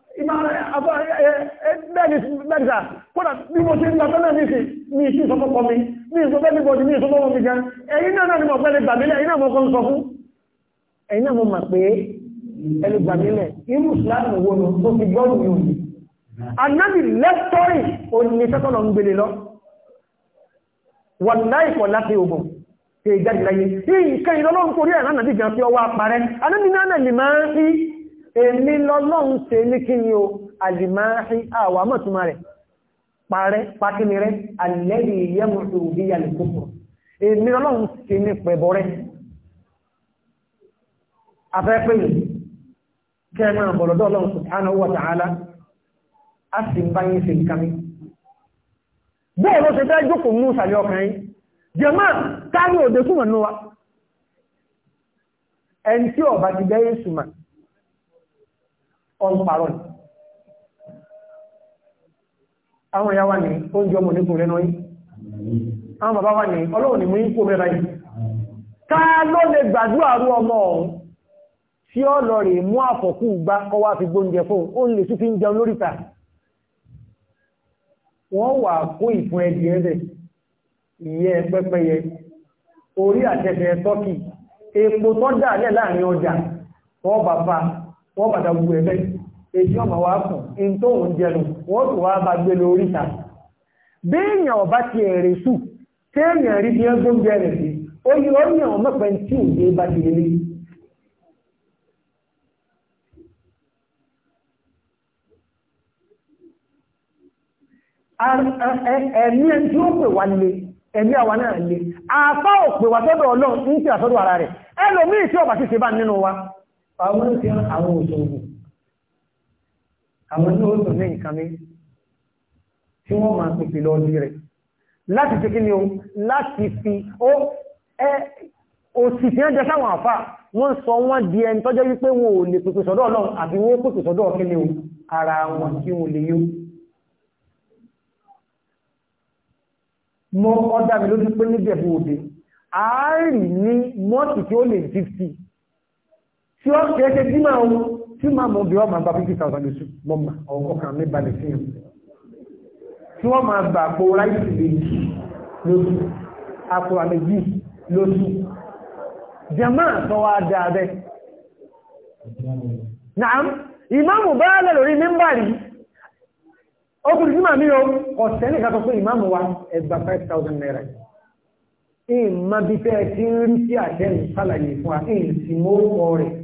mẹ́rìsà kódà bí mo ṣe ń lọ́tọ́lẹ̀ ní sí ní ìṣí ìsọpọ̀pọ̀ mi ní ìsọpẹ́ níbọ̀dì ní ìsọpọ̀pọ̀ mi gan ẹ̀yìn náà ni mọ̀ pẹ́lú gbàmílẹ̀ ẹ̀yìn náà mọ̀ kan sọ fún ẹ̀yìn náà mọ̀ mà pé ẹlú gbàmílẹ̀ irú ìsìláàmù wo ló tó fi gbọ́rù mi òní anábì lẹ́tọ́rì òní sẹ́tọ́lọ̀ ń gbélé lọ wà láìpọ̀ láti ogun ṣe ìjáde láyé èmi lọ́lọ́run ṣe ní kí ni o alìmáàrí àwọn àmọ́túnmà rẹ̀ parẹ́ pàkínì rẹ̀ alẹ́rì yẹ́mùsù bí i alìkókò èmi lọ́lọ́run ṣe ní pẹ̀bọ rẹ̀ afẹ́fẹ́ yìí kẹ́ẹ̀mọ́ àbọ̀lọ́dọ́ ọlọ́run subhanahu wa ta'ala a tí ọba ti bẹ́ẹ̀ sùmọ̀ ọ̀nparọ̀ ni àwọn ìyá wà ní oúnjẹ ọmọ nígun lẹ́nà yìí àwọn bàbá wà ní ọlọ́run ni mú ń kó mẹ́ra yìí ká ló lè gbàdúrà rú ọmọ ọ̀hún tí ó lọ rè mú àfọ̀kù gbá kọ́ wá fi gbóúnjẹ fóun ó lè tún fi ń jẹun lóríta wọ́n wà kó ìfún ẹdì ẹ̀rẹ̀ ìyẹ́ pẹ́pẹ́yẹ orí àtẹ́fẹ́ tọ́kì epo tọ́jà lẹ́ láàrin ọjà wọ́n bàbá wọ́n bàdà gbogbo ẹ̀fẹ́ èyí ọmọ wa kùn in tó ń jẹnu wọ́n tó wá bá gbé lórí ta béèyàn ọba ti ẹ̀rẹ̀ sù téèyàn rí bí ẹgbẹ́ oúnjẹ rẹ̀ sí ó yẹ ọ́ yàn mọ́pẹ́ tí ò dé bá ti lélẹ̀ ẹ̀mí ẹni tí ó pè wá lé ẹ̀mí àwa náà lé àfá ò pè wá sọ́dọ̀ ọlọ́run ń pè àsọ́dọ̀ ara rẹ̀ ẹlòmíì tí ọba ti ṣe bá nínú wa àwọn ti àwọn òṣòwò àwọn ní oṣù ní nǹkan mi tí wọ́n máa pèsè lọ sí rẹ̀ láti fi kíni o láti fi ó ẹ òsì tí wọ́n jẹ sáwọn àfà wọ́n sọ wọ́n di ẹni tọ́jọ́ wípé wọn ò lè pèsè sọ́dọ̀ ọlọ́run àbí wọ́n pèsè sọ́dọ̀ kíni o ara wọn tí wọn lè yó mọ́ ọ́dá mi lójú pé níbẹ̀ òde àárín ní mọ́ọ̀tì tí ó lè 50 tí ó kẹ́ẹ́kẹ́ dímà ohun tí máa mọ̀ bí wọ́n máa gba fifty thousand lóṣù mọ́ mà ọkọ̀ kan mi balẹ̀ sí yàn tí wọ́n máa gba àpò ráìsì méjì lóṣù àpò àmẹ́jì lóṣù jẹ́mọ́ àtọ́ wa dáa ìmáàmù bá lẹ̀ lórí mímbà rí ọkùnrin sí màmí o ọ̀sẹ̀ ní ìkàtọ̀ fún ìmáàmù wa ẹgbà five thousand naira ìmọ̀ bí fẹ́ ti ń rí sí àtẹ́yìn sálàyé fún wa èyí mọ́ ọ̀rẹ́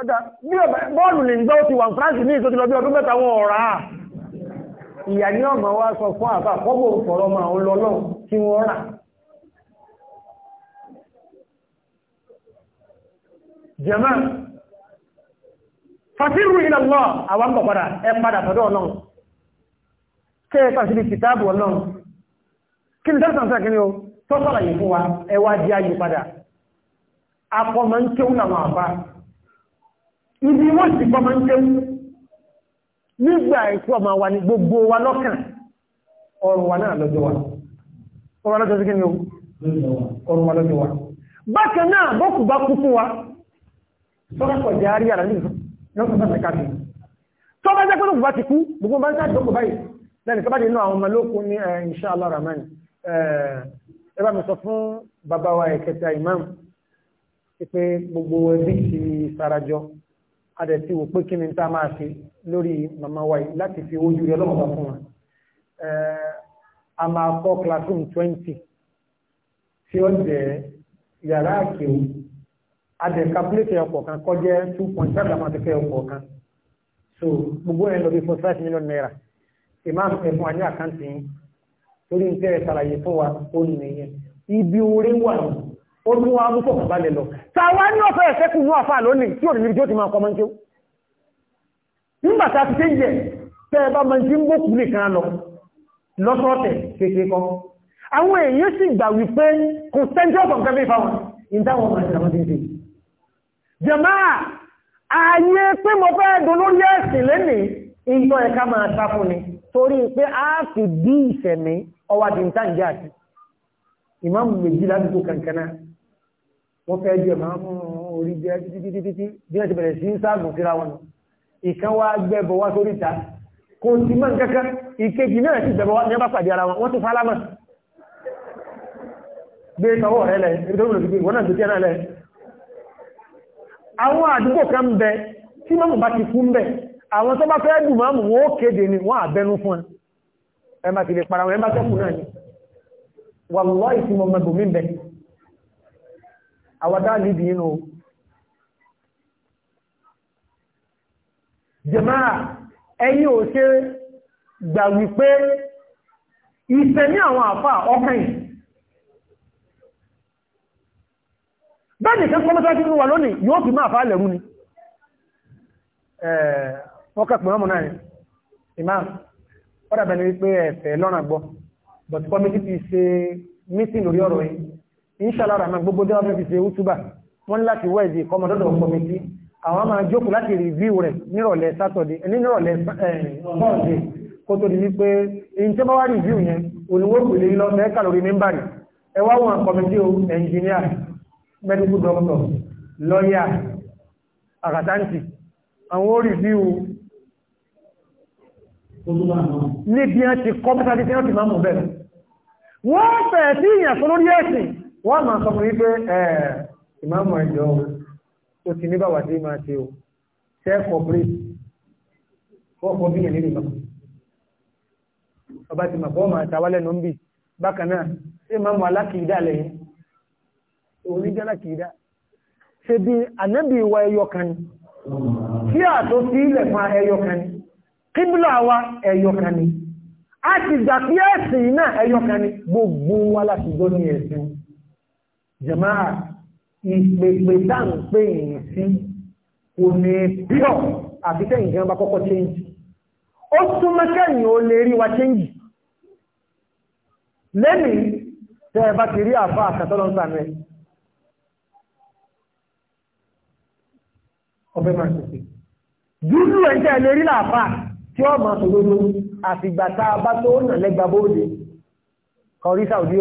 ọ̀dà bí bọ́ọ̀lù lè gbọ́ ti wà France ní ìtòtí lọ ọdún mẹ́ta wọn ọ̀rá ìyà ní ọmọ wa sọ fún àbá kọ́bọ̀ ma ń lọ tí wọ́n rà jẹ́mọ́ fasiru ila Allah àwọn bọ̀ padà ẹ padà fọ́dọ̀ ọlọ́run ẹ kìtàbù ọlọ́run kí ni ni ó yìí fún wa di ayé padà akọ ibi wọ́n sì pọ́mọ ń ké nígbà ẹ̀kú ọmọ wa ní gbogbo wa lọ́kàn ọrùn wa náà lọ́jọ́ wa ọrùn wa lọ́jọ́ sí kíni ọrùn wa lọ́jọ́ wa bákan náà bọ́kù bá kú fún wa sọ́dọ̀kọ̀ jẹ́ àríyá rẹ̀ nígbà lọ́kàn bá mẹ́ka bí tọ́ bá jẹ́ pé lókùn bá ti kú gbogbo bá ń sáà dọ́kù báyìí lẹ́nu tọ́ bá jẹ́ inú àwọn ọmọ lókun ní eh, insha Allah rahman eh, ẹ bá mi sọ fún bàbá wa ẹ̀kẹta imam pé gbogbo ẹbí ti sarajọ adẹ̀tí wò pé kí ni tá máa ṣe lórí màmá wa yìí láti fi ojú rẹ lọ́wọ́ fún wa a máa kọ́ classroom twenty tí ó jẹ́ yàrá àkèwò adẹ̀ calculate ọkọ̀ kan kọjẹ́ two point five àmọ́ àtẹ̀kẹ́ kan so gbogbo ẹ̀ lọ bí forty five million naira imam ẹ̀fún wa ní àkáǹtì yìí torí ń tẹ́ ṣàlàyé fún wa ó nìyẹn ibi orí wà nù ó tún wá mú fọ̀kàn balẹ̀ lọ tàwa ní ọ̀fẹ́ ẹ̀fẹ́kù ní àfà lónìí tí ò ní jó ti máa kọmọ jẹ́ nígbà tá a ti tẹ́yẹ tẹ́ ẹ bá máa jí ń gbókù nìkan lọ lọ́sọ̀ọ̀tẹ̀ kéèké kọ́ àwọn èèyàn sì gbà wípé kò sẹ́ńtẹ́ ọ̀pọ̀ nǹkan ti ni torí pé a fi bí ìṣẹ̀mí ọwọ́ àti ìtàǹjẹ́ àti ìmáàmù méjì ládùúgbò kankanáà wọ́n fẹ́ jẹ́ máa mú orí jẹ́ títítítítí bí wọ́n ti bẹ̀rẹ̀ sí ń sáàgùn síra wọn ìkan wá gbẹ́bọ̀ wá sórí ìta kò sí mọ́ kankan ìkejì náà sì gbẹ́bọ̀ wá ní ọba pàdé ara wọn wọ́n tún fálámà gbé sọwọ́ rẹ lẹ ibi tó ń lò sí wọn náà tó náà lẹ. àwọn àdúgbò kan bẹ tí mọ́mù bá ti fún bẹ àwọn tó bá fẹ́ dùn mọ́mù wọn ó kéde ni wọ́n àbẹnu fún ẹ ẹ má ti lè para wọn ẹ má sẹ́kù náà ni wàlúwà ìfimọ̀ mẹ́bùnmí bẹ́ẹ̀ àwàdá níbi inú Eyi, Ose ò pe gbà bẹ́ẹ̀ni wà fi máa lẹ̀rú ni wọ́n kàpẹ̀ ọmọ náà imam ọ́dàbẹ̀ni wípé ẹ̀fẹ̀ lọ́nà gbọ́ but committee ti ṣe meeting lórí ọ̀rọ̀ inshallah rahman gbogbo dẹ́wà fẹ́ fi ṣe útúbà wọ́n láti wẹ́ẹ̀dì kọmọdọ́dọ̀ kọmití àwọn máa jókòó láti rìvíw rẹ̀ nírọ̀lẹ́ sátọ̀dẹ̀ eh, nírọ̀lẹ́ pọ́ọ̀dẹ̀ eh, kó tó di wípé in tí wọ́n wá rìvíw yẹn olùwó pèlè lọ fẹ́ kàlórí mímbàrì ẹ wá wọn kọmití o ẹnjìníà medical doctor lọ́yà àkàtàǹtì àwọn rìvíw níbi wọn ti kọ́ mẹ́ta tí wọ́n ti máa mú bẹ́ẹ̀ wọ́n fẹ̀ẹ́ sí ìyàsọ́ lórí ẹ̀sìn wọ́n máa sọ fún wípé ìmáàmù ẹ̀jọ́ o ti ní bàbá tí máa ṣe o sẹ́ẹ̀kọ̀ bíi kọ́kọ́ bí yẹn nínú ìmọ̀ ọba ti mọ̀ pọ́ máa tàwálẹ̀ nù ń bì bákan náà ṣé ìmáàmù alákìídá lẹ́yìn òun ní jẹ́lá kìídá ṣe bí ànábì wa ẹyọ kan ni kí àtó sí ilẹ̀ fún ẹyọ kan ni kíbùlà wa ẹyọ kan ni a ti gbà pé ẹ̀sìn náà ẹyọ kan ni gbogbo wa láti gbọ́ ní ẹ̀sìn jẹ̀máà ìpèpè tá à ń pè yìí sí kò ní píọ̀ àti kẹ́yìn kan bá kọ́kọ́ chéńjì ó súnmọ́ kẹ́yìn ó lè rí wa chéńjì lẹ́nìí tẹ́ ẹ bá ti rí àfa àkàtọ́lọ́nsà rẹ̀ ọbẹ̀ máa tètè dúdú ẹ̀ ń lè rí làáfà tí ó máa sòdodo àfìgbà tá a bá tó nà lẹ́gbàá bóde kọrí sáà òdí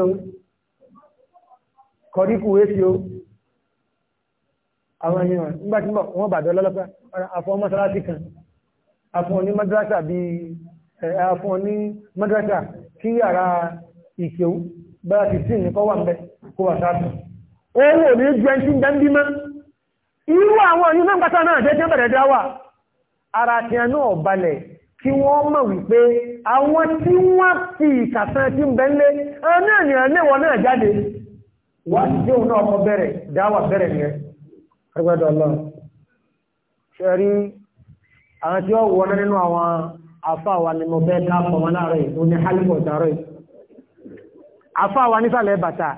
kọ̀ríkù wé sí o àwọn èèyàn nígbàtí wọ́n bàdọ́ lọ́lọ́pẹ́ afọ́ mọ́sálásí kan afọ́ ní madrasa bí afọ́ ní madrasa kí yàrá ìkéwú bára ti sí ìyẹn wà mẹ́ kó wà sáà owó ní jẹ́ntí jẹ́ndí mọ́ irú àwọn ọ̀yún náà pátá náà ara ti ẹ̀ náà balẹ̀ kí wọ́n mọ̀ wípé àwọn tí wọ́n fi ìkàtàn ń bẹ́ńlé ẹ̀ náà ni wá sí òun náà ọmọ bẹ̀rẹ̀ dáwà bẹ̀rẹ̀ ni ẹ agbádọ̀ ọlọ́run ṣe rí àwọn tí ó wọná nínú àwọn afáwa ni mo bẹ́ dáàpọ̀ wọn láàárọ̀ yìí ní hálífọ̀ ìtàárọ̀ yìí afáwa nísàlẹ̀ bàtà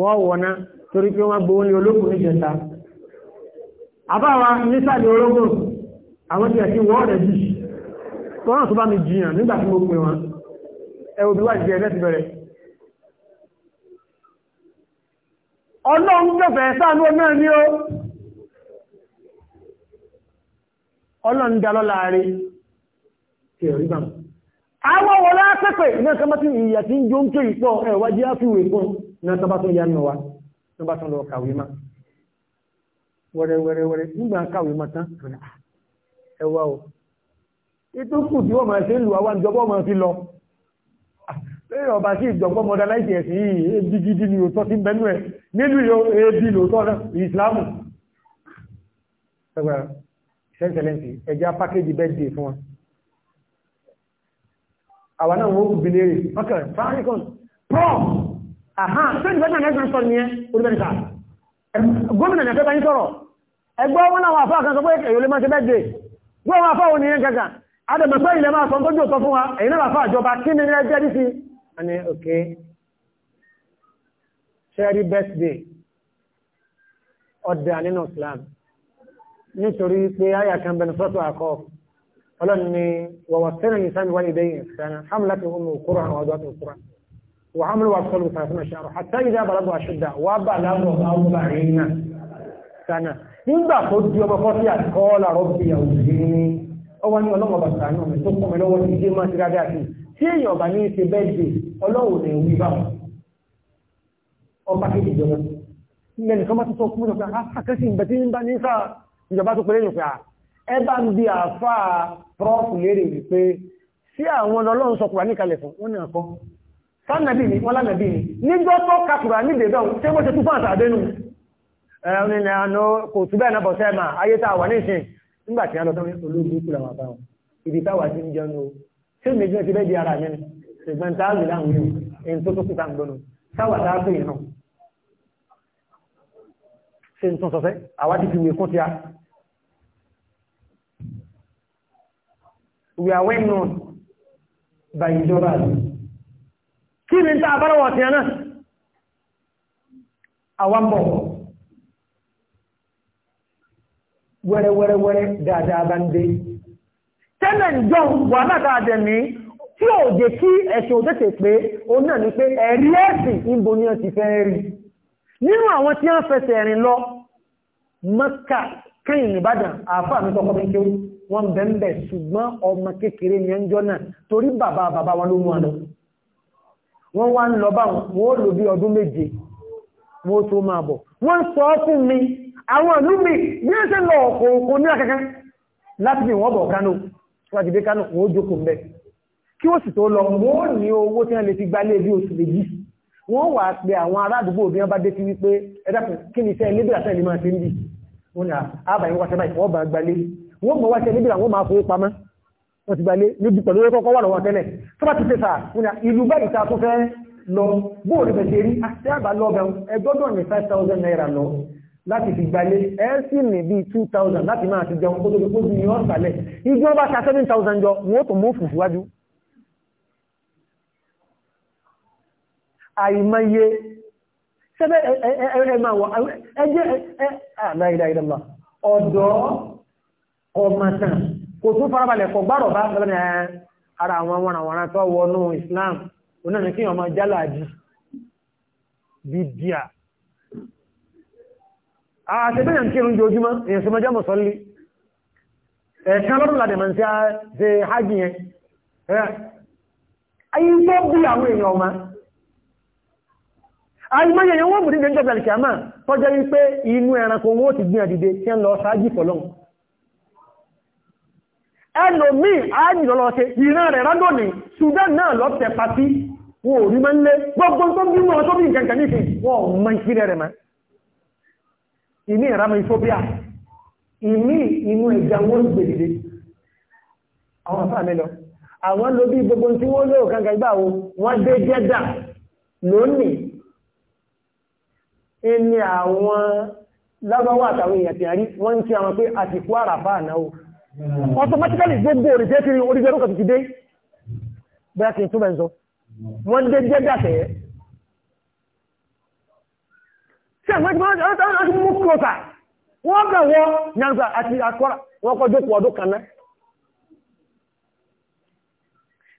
wọ́n wọná torí pé wọ́n gbowó ní ológun ní jẹta afáwa nísàlẹ̀ ológun àwọn tí ẹ̀sìn wọ́n rẹ̀ jì tọ́nà tó bá mi jiyàn nígbà tí mo pè wọn ẹ ọlọ́run jẹ́fẹ̀ sáànú náà ní ó ọlọ́run jalọ́ láàrin kẹrì bá àwọn wọ́n lápẹ́pẹ́ iná sọmọ́tí ìyà tí ń jó ń ké ìpọ̀ ẹ̀wájí áfíwẹ̀ pọ̀ ní ọsọbátún ya nọ wa nígbàtún lọ kàwé má wẹ́rẹ́wẹ́rẹ́wẹ́rẹ́ nígbà kàwé má tán ah, ẹwà o ètò kù tí wọ́n máa ṣe ń lù àwọn ìjọba máa fi lọ lẹ́yìn ọba sí ìjọgbọ́n modernize ẹ̀sìn yìí ebi gidi ni òótọ́ sí bẹ́nu ẹ̀ nílùú yóò ebi lòótọ́ náà ìsìláàmù ẹgbẹ́ ṣẹ́ńtẹ̀lẹ́ǹtì ẹja pákéjì bẹ́ẹ̀dì fún wọn àwa náà wọ́n kù bìlérì ọkẹ̀ fáríkọ̀n prom àhá sẹ́ni bẹ́ẹ̀ náà ẹgbẹ́ sọ̀rọ̀ nìyẹn olùbẹ̀rẹ̀ta gómìnà ní akẹ́kọ̀ọ́ yín sọ̀rọ̀ ẹgbẹ́ wọn náà wà fún àkànṣe pé èyí lè máa ṣe bẹ́ẹ̀dì gbọ́ wọn fáwọn nìyẹn kankan adàmọ̀pẹ́ ilẹ̀ máa sọ tó jò sọ fún wa èyí náà wà fún àjọba kí ni ẹjẹ́ dí sí a ní òkè ṣẹ́rí birthday ọ̀dà nínú Islam nítorí pé àyà kan bẹnu sọ́tọ̀ àkọ́ ọlọ́run ni wọ̀wọ̀ sẹ́rìn ní sáàmì wáyé dẹ́yìn ìsànà hamlat ohun òkúrò àwọn ọdọ́ tó kúrò wà hamlu wa sọ́lù sàfihàn ṣàrọ̀ hatta ìdá balagbo àṣídà wà bà lábọ̀ àwọ̀bàrin náà sánà tí èèyàn bá ní ṣe bẹ́ẹ̀dì ọlọ́run ní wí báwọn ọba kejì jọba mẹ́rin kan bá tó sọ fún mi lọ́pẹ́ ah, àkẹ́sì ìbẹ̀tí ń bá ní sá ìjọba tó pẹ̀lẹ́ ìrìnpẹ́ ah, ẹ bá ń bi àfà prọ́ọ̀fù lérè wípé sí àwọn ọlọ́run sọ Kùránì kalẹ̀ fún wọn náà kọ́ sánàbí ni wọn lánàbí ni níjọ́ tó ka Kùránì dèdọ̀ tí wọ́n ṣe tún fún àtàdénú ẹ̀rọ ń jẹun ṣé méjì náà ti bẹ́ẹ̀ di ara mi ni ṣùgbọ́n tá a lè láwọn yìí ẹni tó tó kúta ń gbọ́nu sáwà tá a pè náà ṣe ń tún sọ fẹ́ àwa fi wé kún ti a. We are well known by ìjọba àti kí ni tá a bá lọ́wọ́ tiẹ̀ náà àwa ń bọ̀ wẹ́rẹ́wẹ́rẹ́wẹ́rẹ́ dáadáa bá ń dé tẹ́lẹ̀ ìjọ wà látàdẹ ní tí ò jẹ́ kí ẹ̀sùn òtẹ́tẹ̀ pé o náà ni pé ẹ̀rí ẹ̀sìn ìbò ni ọ̀tí fẹ́ rí nínú àwọn tí wọ́n fẹsẹ̀ rìn lọ Mẹ́kà kẹ́yìn nìbàdàn àáfàá mi tọkọ mi kí wọ́n bẹ̀m̀bẹ̀ ṣùgbọ́n ọmọ kékeré ni ẹjọ́ náà torí bàbá bàbá wa ló mú àlọ́ wọ́n wá ń lọ bá wọn ó lò bí ọdún méje wọ́n tó máa bọ̀ wọ́n sọ fún mi àwọn ìlú mi bí ó ṣe lọ ọ̀kọ̀ọ̀kọ̀ ní àkẹ́kẹ́ láti bí wọ́n bọ̀ kánò wọ́n ti dé kánò wọ́n ó jókòó mbẹ́ kí wọ́n sì tó lọ wọ́n ní owó tí wọ́n lè fi gbálé bí oṣù méjì wọ́n wà pé àwọn ará àdúgbò bí wọ́n bá dé sí wípé ẹ̀dá kí ni iṣẹ́ lébìrà sẹ́yìn máa ṣe ń bì wọ́n ní àbàyí wọ́n sẹ́bàá ìfọwọ́ bá gbalé wọ́n mọ̀ wáṣẹ́ lébìrà wọ́n máa fowó pamọ́ wọ́n ti gbalé níbi pẹ̀lú owó kọ́kọ́ wà lọ́wọ́ tẹ́lẹ̀ tó bá ti ṣe sà wọ́n ní ìlú báyìí ta tó fẹ́ lọ bóòlù bẹ̀ṣẹ̀ rí àti àbá lọ́bẹ̀ ẹgbọ́dọ̀ ní five naira lọ láti fi gbalé ẹ́sì ní bí 2000 láti máa ti jẹun kó tó gbogbo ní ọ̀sàlẹ̀ ìjọ bá ta 7000 jọ wọ́n tó mú fùfú wájú àìmọye sẹ́bẹ̀ ẹ̀ẹ̀mà wọ ẹjẹ́ àdáìdáìdàmà ọ̀dọ́ ọmọtàn kò tún farabalẹ̀ kọ gbárọ̀ bá lọ́nà ara àwọn wọ̀nàwọ̀nà tó wọnú Islam onáà ní kí ọmọ jálàájì bídíà àṣẹ́bẹ̀yà ń kírun jojúmọ́ èyàn sí mọ́já mọ̀sọ́lé ẹ̀ẹ̀kan lọ́rùn ládẹ̀ máa ń ṣe hajj yẹn ayé tó bí àwọn èèyàn ọmọ àìmọ́yẹ̀ èèyàn wọ́n bùdí jẹ́jọ́ bẹ̀rẹ̀ kìámà tọ́jọ́ wípé inú ẹranko wọ́n ti gbìyàn dìde tí ń lọ sáájì pọ̀lọ́n ẹlòmíì áàjìlọ́lọ́ ṣe ìran rẹ̀ rádọ́nì Sudan náà lọ tẹ̀ pàtí wọn ò rí mọ́ ń lé gbogbo tó bí wọn tó bí nǹkan kan nífẹ̀ẹ́ wọn ò mọ ìpínlẹ̀ rẹ̀ máa ìmí ìrámọ̀ ìfóbíà ìmí inú ẹja wọ́n gbèdìdè àwọn afá mi lọ àwọn ló bí gbogbo tí wọ́n lóò kankan ìgbà wo wọ́n dé jẹ́dà lónìí ní àwọn lábáwọ́ àtàwọn èèyàn tí a rí wọ́n ń kí àwọn pé àsìkò àràfà ànáwó automatically gbogbo òrìṣẹ́ kiri oríṣẹ́ lókàtí ti dé bẹ́ẹ̀ kí n túnbẹ̀ ń sọ wọ́n dé jẹ́dà tẹ̀ẹ́ ṣe àwọn ẹgbẹ́ ọdún mú kúrọ̀tà wọ́n gbà wọ́n nyàgbà àti àkọ́rà wọ́n kọjú pọ̀ ọdún kan náà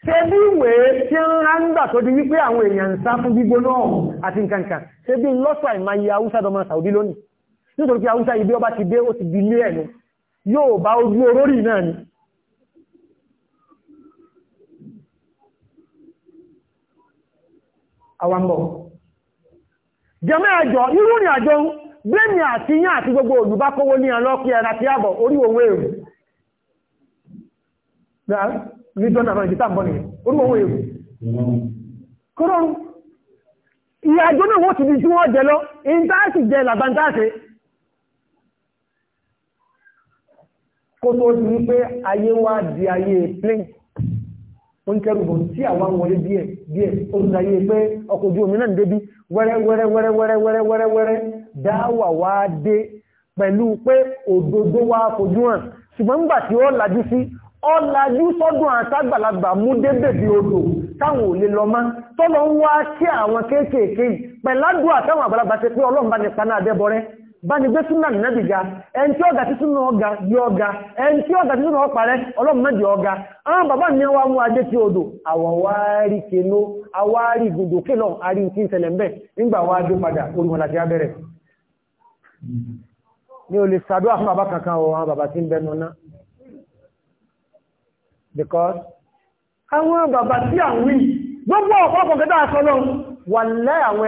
ṣe bí ìwé tí ń rá ń gbà tó di wípé àwọn èèyàn ń sá fún gbígbóná àti nǹkankan ṣe bí lọ́sọ̀ àìmá iye haúsá dọmọ sàúdí lónìí nítorí pé haúsá ibi ọba ti dé ó ti di ilé ẹ̀nu yóò bá ojú orórì náà ni jẹ́mọ́ àjọ irú ní àjọ gbẹ́mì àti yán àti gbogbo olùbá kówó ní ọlọ́pí ẹ̀rà tí àbọ̀ orí owó èrò nítorí àwọn ìdítà bọ́ nìyẹn orí owó èrò kọ́rọ̀rùn ìyàjọ́ náà wọ́n ti di tí wọ́n jẹ lọ ìntáàsì jẹ làbántáàsì kó tó ti wípé ayé wá di ayé plane ó ń tí àwọn wọlé díẹ̀ díẹ̀ ó ayé pé ọkọ̀ ojú omi náà débí wẹ́rẹ́wẹ́rẹ́wẹ́rẹ́wẹ́rẹ́wẹ́rẹ́ dáwà wá dé pẹ̀lú pé òdodo wá fojú hàn ṣùgbọ́n nígbà tí ó lajú sí ó lajú sọ́dún àtàgbàlagbà mú débèbè odò táwọn ò lè lọ mọ́ tọ́lọ ń wá kí àwọn kéékèèké pẹ̀ládùn àtàwọn àgbàlagbà ṣe pé ọlọ́run bá nípa náà dẹ́bọrẹ́ báni gbé súnà nàbì ga oga tí oga títún náà di ọ̀gá ẹn tí ọ̀gá títún náà parẹ́ di ọ̀gá àwọn bàbá ní wá mú adé tí odò gbogbo kílọ̀ àrí tí ń ṣẹlẹ̀ mbẹ́ nígbà wá dé padà láti abẹ́rẹ́ o lè bàbá kankan o àwọn bàbá tí ń because àwọn bàbá tí à ń wà lẹ́ àwọn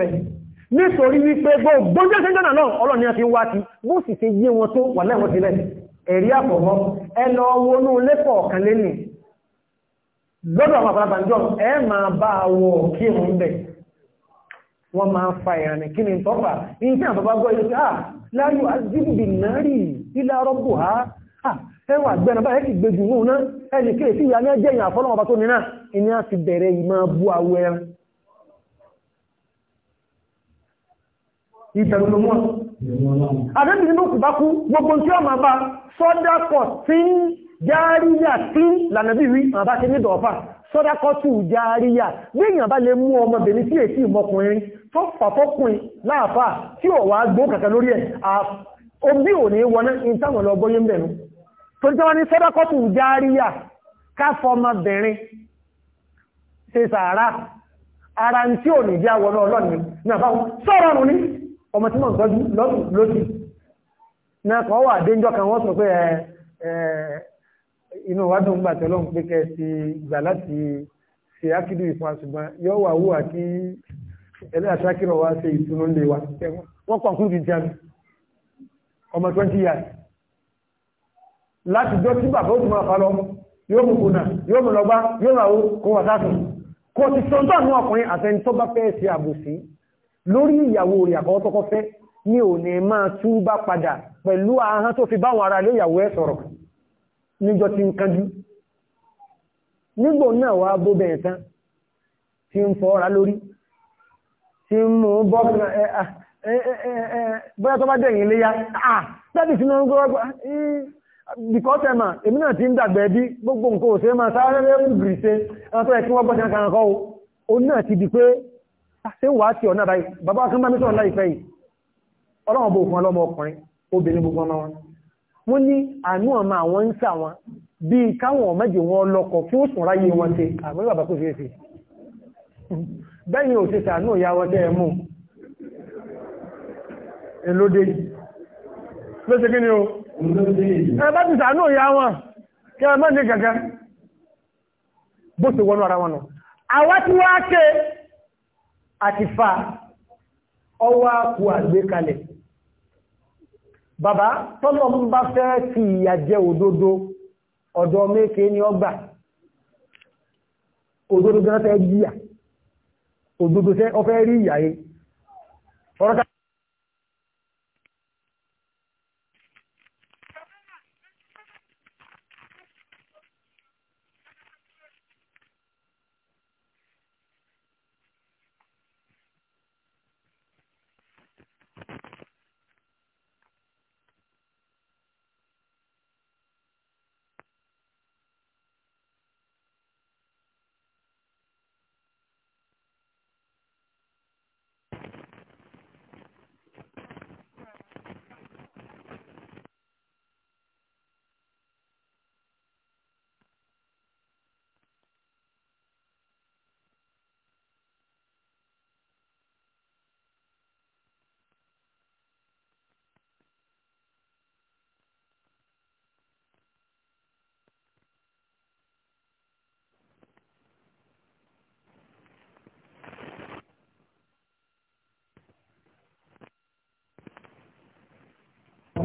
ẹni nítorí wípé gbogbo ṣẹ́jọ́nà náà ni a fi wá ti bó sì ṣe yé wọn tó wà lẹ́wọ̀n sílẹ̀ ẹ̀rí àpọ̀mọ́ ẹlọ wọnú lẹ́pọ̀ ọ̀kan lẹ́nì lọ́dọ̀ àwọn àpàlàbàjọ́ ẹ máa bá wọ kí wọ́n ń bẹ̀ wọ́n máa fa ìrànì kí ni àbábá gbọ́ ilé ah láyò ilá rọ́bù ha báyẹ̀ náà ẹnì ìyá ní ẹjẹ́ bá tó nínà ìní bẹ̀rẹ̀ ìmọ̀ ìbẹ̀rùlùmọ́. Àdébì nínú kù bá kú, gbogbo tí ó máa bá sọ́dákọ̀ tí ń járíyà tí lànàbí rí àbá ṣe nídọ̀ ọ̀fà, sọ́dákọ̀ tù járíyà. Bí èèyàn bá lè mú ọmọbìnrin tí èsì ìmọkùnrin tó fàfọ́kùnrin láàfà tí ò wá gbó kàkà lórí ẹ̀, omi ò ní wọná ìtàwọn lọ gbóyé mbẹ̀nu. Torí tí wọ́n ní sọ́dákọ̀ tù járíyà káfọmọbìnrin ṣe sàárà, ọmọ tí wọ́n tọ́jú lọ́dún lóṣù náà kan wà déńjọ́ kan wọ́n sọ pé inú wa dùn gbà tọ́lọ́n pé kẹ́ ti gbà láti ṣe ákídù ìfún àṣùgbọ́n yóò wà wúwà kí ẹlẹ́ àṣàkírọ̀ wa ṣe ìtùnú lè wa wọ́n kàn kú ti jẹun ọmọ 20 years láti jọ tí bàbá ó ti máa fa lọ yóò mú kùnà yóò mú lọ bá yóò ràwó kó wà sáàtùn kò ti sọ ń tọ́ àwọn ọkùnrin àtẹni bá fẹ́ ṣe àbòsí lórí ìyàwó ìyàkọ́ tọ́kọ́ fẹ́ ní ò ní máa túbá padà pẹ̀lú ahán tó fi báwọn ara ìyàwó sọ̀rọ̀ níjọ ti ń nígbò náà wá bó bẹ̀rẹ̀ tán tí ń fọ́ra lórí tí ń mú bọ́ bóyá Ẹ Ah, ṣe wà á ti ọ̀nà báyìí bàbá kan bá mi sọ̀rọ̀ láìpẹ́ yìí ọlọ́run bò fún ọlọ́mọ ọkùnrin obìnrin gbogbo ọmọ wọn wọ́n ní àánú ọmọ àwọn ń sà wọn bíi káwọn ọmọdé wọn lọ́kọ kí ó sùn ráyè wọn ṣe àmọ́ bàbá kò fèsì bẹ́yìn ò ṣe sàánú ìyá wọn tẹ́ ẹ mú elóde ló ṣe kí ni o ẹ bá ti sàánú ìyá wọn kí ẹ má ní gàgà bó ṣe wọnú ara wọn nù àwa tí wọ́n á ké àti fa ọwọ́ àkú àgbékalẹ̀ bàbá tọ́lọ ń bá fẹ́ ti ìyà jẹ òdodo ọ̀dọ̀ méke ni ọgbà òdodo gẹ́rẹ́fẹ́ jíyà òdodo fẹ́ rí ìyà yìí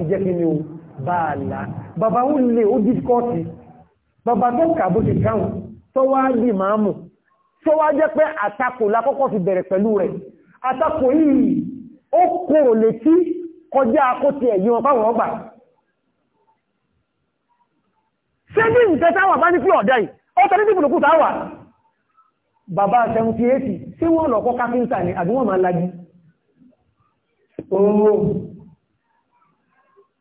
jẹ́ kí ni o bá a là bàbá ó lè ó dìkọ́ọ̀tì bàbá tó kà bó ti káhùn tó wá di màámù tó wá jẹ́ pé àtakò lákọ́kọ́ fi bẹ̀rẹ̀ pẹ̀lú rẹ̀ àtakò yìí ó kòrò létí kọjá akóti ẹ̀yí wọn fáwọn ọgbà ṣé ní nǹkan táwà bá ní pí ọ̀dá yìí ó tọ́ níbi ìbùdókù táwà bàbá 78 ṣé wọ́n lọ́kọ́ káfíńtà ni àbí wọ́n máa lajú ooo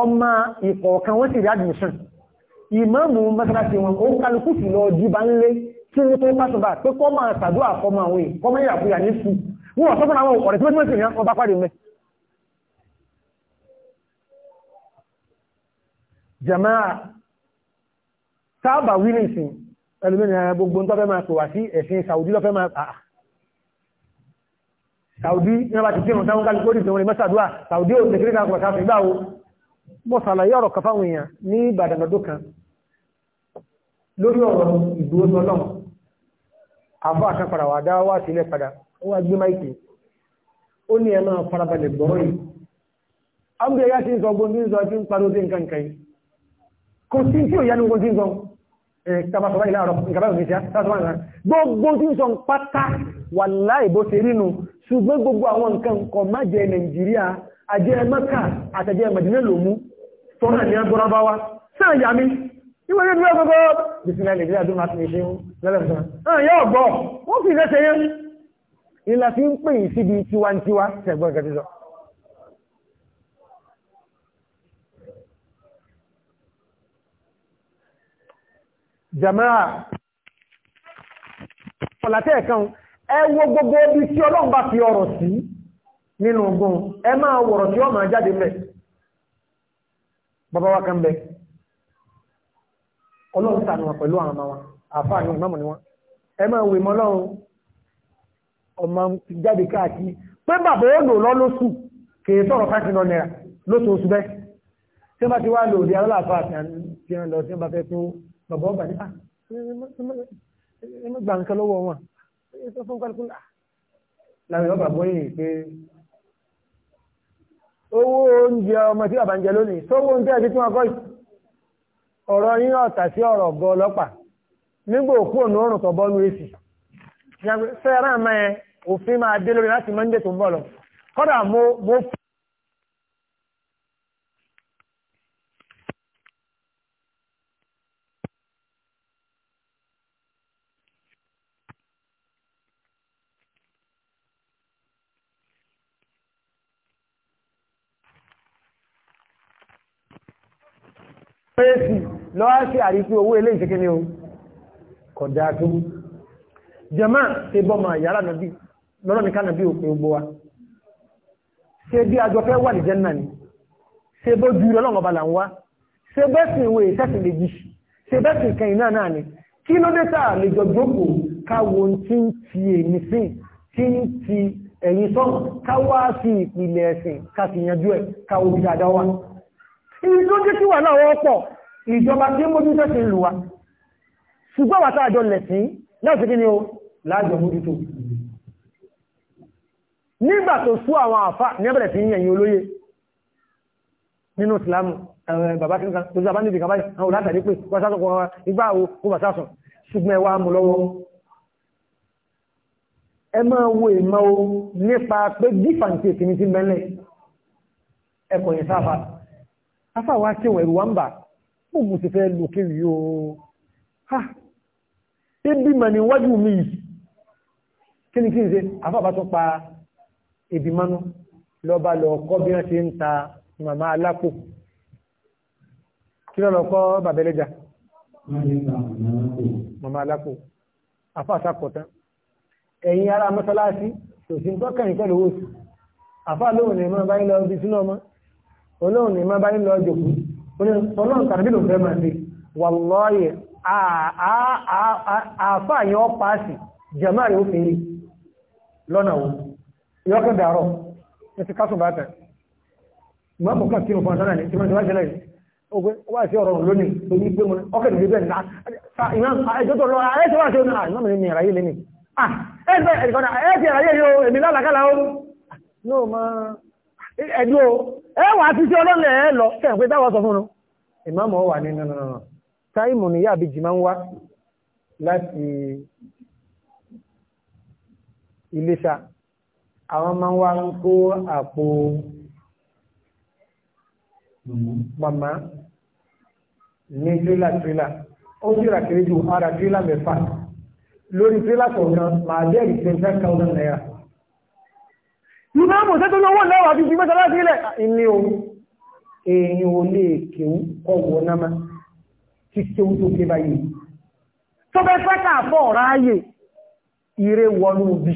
ọmọ ìkọ̀ọ̀kan wọ́n sì rí admission ìmáàmù mọ́sálásí wọn ó kálukú sí lọ jí bá ń lé kí wọ́n tó pásọba pé kọ́ máa sàdúrà fọmọ àwọn èèyàn kọ́ máa yàkúyà ní sí wọ́n wọ́n sọ́fún àwọn ọ̀rẹ́ tí wọ́n sì ní wọ́n bá pàdé mẹ́ jamaa sábà wílé ìsìn ẹlùmínà ah, gbogbo ń tọ́fẹ́ máa pèwà sí ẹ̀sìn Saudi lọ́fẹ́ máa pàá ah, Saudi ní wọ́n bá ti kírun táwọn kálukú ó dìtẹ̀ wọn lè mọ́sàdúrà Saudi ò tẹ̀kíríkà kọ̀ọ̀sáfẹ́ mo ṣàlàyé ọ̀rọ̀ kan fáwọn èèyàn ní Ìbàdàn ọdún kan lórí ọ̀rọ̀ ìdúró tọ́lọ́ àbá kan padà wà dá wá sílẹ̀ padà ó wá gbé máìkì ó ní ẹ máa farabalẹ̀ gbọ́rọ̀ yìí àwọn ẹ̀yà ti ń sọ gbogbo ń sọ tí ń parí ojú nǹkan kan yìí kò sí tí ò yá ní gbogbo ń sọ tàbátàbá ilẹ̀ àrọ̀ ìgbàbá ìrìnṣẹ́ tàbátàbá ìrìnṣẹ́ gbogbo tí ń sọ pátá wà láì bó ṣe rínu ṣùgbọ́n gbogbo àwọn nǹkan kọ̀ má jẹ Nàìjíríà àjẹ́ mẹ́kà àtẹ̀jẹ́ mẹ̀dínà ló mú tọ́nà ní agbọ́rábá wa sáà yà mí níwọ̀n yẹ́ dúró gbogbo bìsìnlẹ̀ lè dúró máa fi ṣe ń lẹ́lẹ́sàn án yóò gbọ́ wọ́n fi ìrẹsẹ̀ yẹn ìlà fi ń pè síbi tiwantiwa tẹ̀gbọ́n ìgbà títọ́ jamaa ọ̀làtẹ̀ẹ̀kan ẹ wo gbogbo ibi tí ọlọ́run bá fi ọrọ̀ sí nínú ogun ẹ máa wọ̀rọ̀ tí ó máa jáde mẹ́ bàbá wa kan bẹ ọlọ́run sànù wọn pẹ̀lú àwọn ọmọ wọn àfáà ní ìmọ̀mù ni wọn ẹ máa wè mọ́ ọlọ́run ọmọ jáde káàkiri pé bàbá ó lò lọ́lọ́sù kì í sọ̀rọ̀ five hundred naira lóṣooṣù bẹ́ẹ̀ tí wọ́n bá ti wá lò di aláàfáà àti àlọ́ tí wọ́n bá fẹ́ tó bàbá ọgbà ní ẹ gbà nǹkan lọ́wọ́ owó oúnjẹ ọmọ tí bàbá ń jẹ lónìí sówó oúnjẹ ẹ̀dí tí wọ́n kọ́ yìí ọ̀rọ̀ yín ọ̀tà sí ọ̀rọ̀ ọ̀gọ́ ọlọ́pàá nígbà òkú ònà òrùn tó bọ́ lórí èsì fẹ́ràn mẹ́ òfin máa dé lórí láti mọ́ndé tó ń bọ̀ lọ kọ́dà mo pèsè lọ́wọ́ sí àrífí owó ilé ìṣẹ́kẹ́ ni o kọ̀dá tó jẹmá tí bọ́mà yàrá nàbí lọ́rọ̀ nìkan nàbí òpin ogbó wa ṣe bí ajọ fẹ́ wà ní jẹ́nà ni ṣe bó ju ọlọ́rọ̀ bala ń wá ṣe bẹ́sìn ìwé ìṣẹ́sì lè jì ṣe bẹ́sìn kẹyìn náà náà ni kí ló dé tàà lè jọ jókòó káwo tí ń wá ìyí tó jẹ́ sí wà náà wọ́n pọ̀ ìjọba tí mójútó ti lù wa ṣùgbọ́n wà tá àjọ lẹ̀sí láti kí ni ó láàjọ mójútó nígbà tó sú àwọn àfá ní ẹbẹ̀rẹ̀ sí yẹ̀yìn olóyè nínú ìsìlámù bàbá kí nǹkan tó sábà níbi kàbáyì àwọn olátàrí pé wọ́n sásọ̀ wọn igbá àwọ kó bà sásọ̀ ṣùgbọ́n ẹwà mú lọ́wọ́ ẹ máa wo ìmọ̀ nípa ẹkọ̀ yẹn sáfàá afá wa ṣe wẹ̀rù wa ń bà ó ti fẹ́ lò kiri yóò ha ebi mà níwájú mi yìí kí ni kí n ṣe afá bá pa ebi mánú lọ́ba lọ kọ́ bí wọ́n ṣe ń ta màmá alápò kí lọ́lọ́ kọ́ bàbẹ́lẹ́jà màmá alápò afá sàkọ̀tán ẹ̀yin ará mọ́sálásí tòsí ń tọ́kàn ìkọlù owó àfá lóhùn ní ẹ̀mọ́ báyìí lọ bí sínú ọmọ olóhùn ní má bá ń lọ jòkú olóhùn tàbí ló fẹ́ máa ṣe wàlọ́yẹ̀ àfààyàn ọ́pàásì jẹ̀máà rẹ̀ ó fi rí lọ́nà wo yọ́kẹ́ dàrọ̀ ní ti kásùn bàtà máa bọ̀ kàn kí nǹkan sánà ní ìmọ̀ ìwájú lẹ́yìn ogun wá sí ọ̀rọ̀ lónìí tó ní pé mo ní ọkẹ́ ìdílé bẹ́ẹ̀ náà ìmọ̀ ẹjọ́ tó lọ ayé tí wá sí ọ̀nà àìmọ̀ ah, mi ní ìràyè lẹ́nìí ah ẹgbẹ́ ẹ̀dìkan náà ayé ti ìràyè yóò èmi lálàkálà ó ah, ní ò máa ẹjọ́ ẹwà àti tí ọlọ́lẹ̀ ẹ lọ kẹ́ẹ̀pẹ́ táwọn sọ fún un ìmáàmù ọwà ní nananà táìmù ya yàbí jì máa ń wá láti Iléṣà àwọn máa ń wá kó àpò màmá ní ó tírà ju ara tírélà mẹ́fà lórí tírélà kọ̀ọ̀kan màá thousand naira. ìmáàmù tẹ́tọ́ lọ́wọ́ lọ́wọ́ àti ìgbẹ́ sàlátì ilẹ̀ ilé ohun èèyàn ò lè kéwú ọwọ́ náà tí kéwú tó ké báyìí tó bẹ́ fẹ́kà fọ́ ráyè ire wọnú bí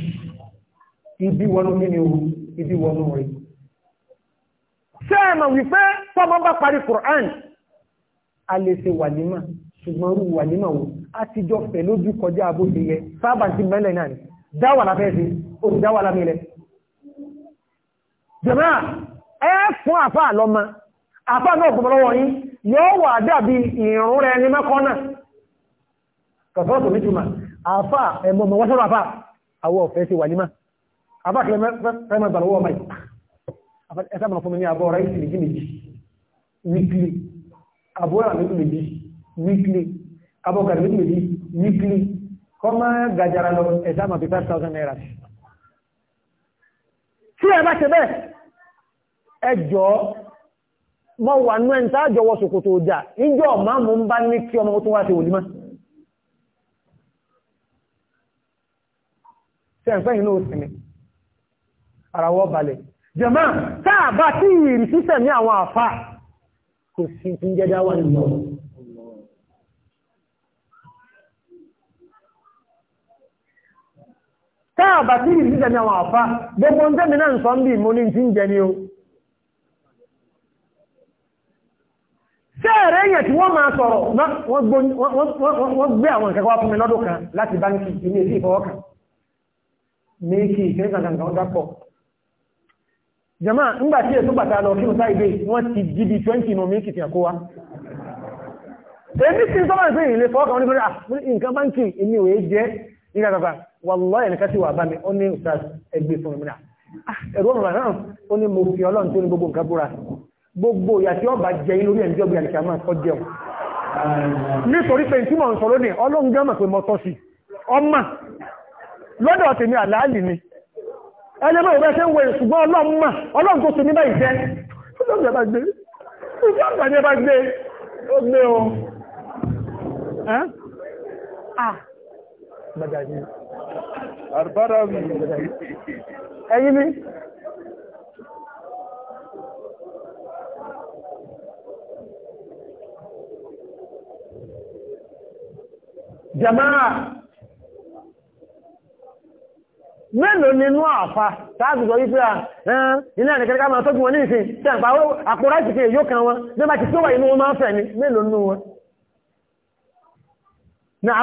ibi wọnú nínú ohun ibi wọnú rẹ̀ ṣé wípé tọ́mọ bá parí Qur'an a lè ṣe wàlímà ṣùgbọ́n rú wàlímà wo àtijọ́ fẹ̀ lójú kọjá abóṣe yẹ sábà ti mẹ́lẹ̀ náà ni dáwà láfẹ́ sí olùdáwà lámìlẹ̀ jẹ̀mọ́ ẹ fún àfá àlọ́mọ àfá náà gbọmọ lọ́wọ́ yín yóò wà dàbí ìrún rẹ ní mẹ́kọ́ náà kọ̀sọ́rọ̀ tó nítumà àfá ẹmọ ọmọ wọ́sọ́rọ̀ àfá àwọ̀ ọ̀fẹ́ sí wà nímà àfá kìlẹ̀ mẹ́mọ̀ ìgbàlọ́wọ́ ọmọ yìí ẹsẹ́ mọ̀ fún mi ní àbọ̀ ọ̀rẹ́ ìsìn méjì méjì wíkìlì àbọ̀ ọ̀rẹ́ méjì méjì wíkìlì tí ẹ bá ṣe bẹ́ẹ̀ ẹjọ́ mọ́ wà ní ẹ̀ntà àjọwọ́ ṣòkòtò ọjà níjọ́ máa mú ń bá ní kí ọmọ tó wá ṣe wòlímá sẹ́ǹfẹ́ inú òsìnmi àràwọ̀ balẹ̀ jẹ̀mọ́ táà bá tí ìrìsísẹ̀ táà bá tí ìrìn síjẹ̀ ní àwọn àfá gbogbo ń tẹ́mi náà sọ ń bí ìmú ní tí ń jẹ ní o sẹ́ẹ̀rẹ́ èyàn tí wọ́n máa sọ̀rọ̀ wọ́n gbé àwọn ìkẹ́kọ́ wá fún mi lọ́dún kan láti báńkì ilé sí ìfọwọ́kàn méjì ìkẹ́kọ̀ọ́ jama ńgbà tí èso bàtà lọ kí n sáì dé wọ́n ti jíbi 20 nù mí kìtì àkówá èmi sí sọ́wọ́n ìpín ìlé fọ́ọ̀kan onígbẹ́rẹ́ ah, nǹkan báńkì èmi ò jẹ́ ìgbàgbà wàlọ́ ẹ̀nìkan sí wà bá mi ó ní ìsàs ẹgbẹ́ fún ìmìnà ẹ̀rọ ọ̀rọ̀ náà ó ní mo fi ọlọ́run tó ní gbogbo nǹkan búra gbogbo ìyà tí ọba jẹ inú orí ẹ̀nìjọ́ bí àlìkà máa kọ́ jẹun nítorí pé tí mò ń sọ lónìí ọlọ́run gẹ́mọ̀ pé mo tọ́ sí ọmọ lọ́dọ̀ tèmi àlàálì ni ẹlẹ́mọ̀ ìwé ṣe ń wẹ̀ ṣùgbọ́n ọlọ́run mà Àrbáráwì ẹ̀yìn ni. Jàmáà mélòó nínú àfà tààzùgbọ́ wípé à ah, ẹ̀rùn ilẹ̀ ìrìnkẹ́rẹ́ ká máa tọ́jú wọn ní ìsìn tí àpá àpò ráìsì kí èyó kan wọn bí ó bá ti tó wà inú wọn máa ń fẹ̀ ní mélòó nínú wọn. Nàá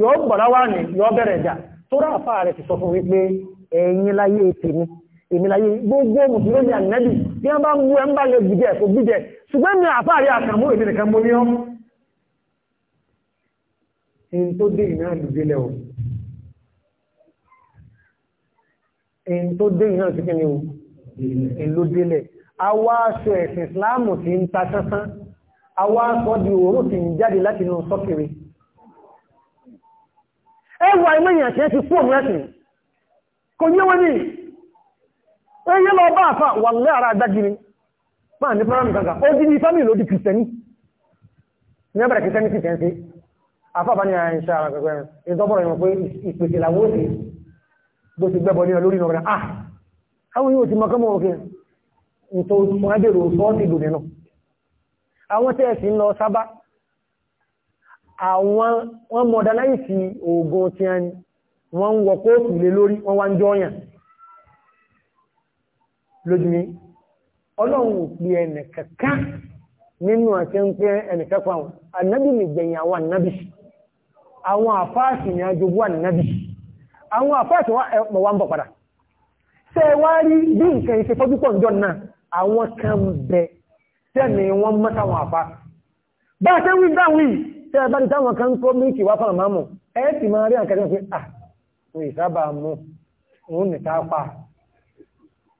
yóò gbọ̀rá wà ní yóò bẹ̀rẹ̀ jà tó rà fà rẹ̀ ti sọ fún wípé ẹ̀yin láyé tèmi gbogbo mùsùlùmí ànẹ́bì bí wọ́n bá ń wú ẹ̀ lè gbìjẹ́ kò gbìjẹ́ ṣùgbọ́n mi àfáàrí àkàmú èmi nìkan mo o in tó dé o in aṣọ ẹ̀sìn Islam ti ń ta sánsán di òórùn ti ń jáde láti inú ẹwà ilé èèyàn ṣe ti fún òun ẹ̀sìn kò yé wọ́n ní ẹyẹ lọ bá àfà wà lẹ́ ara adágiri máa ní fọ́nrán nìkan kan ó dín ní fámìlì ló di kìrìsìtẹ́nì ní ẹbẹ̀rẹ̀ kìrìsìtẹ́nì ti tẹ́ǹsì àfà bá ní àìṣà àwọn akẹ́kọ̀ọ́ ìtọ́bọ̀rọ̀ ìwọ̀n pé ìpèsè làwọ́ ah àwọn yóò ti mọ́kánmọ́ òkè nítorí wọ́n á bèrè òṣùwọ́n ti dùn nínú àwọn tẹ́ẹ̀sì àwọn wọ́n modernize oògùn tí a ní wọ́n ń wọ kóòtù lé lórí wọ́n wá ń jọ lójú mi ọlọ́run ò pè ẹnìkankan nínú àti ń pè àwọn ànábì nìgbẹ̀yìn àwọn ànábì àwọn àfáàsì ní ajogún ànábì àwọn àfáàsì wà ń bọ̀ tí a bá ní táwọn kan kó mílìkì wá fún àmámù ẹ sì máa rí àkẹ́kẹ́ pé à ah, ń ìsábà mú òun nìta pa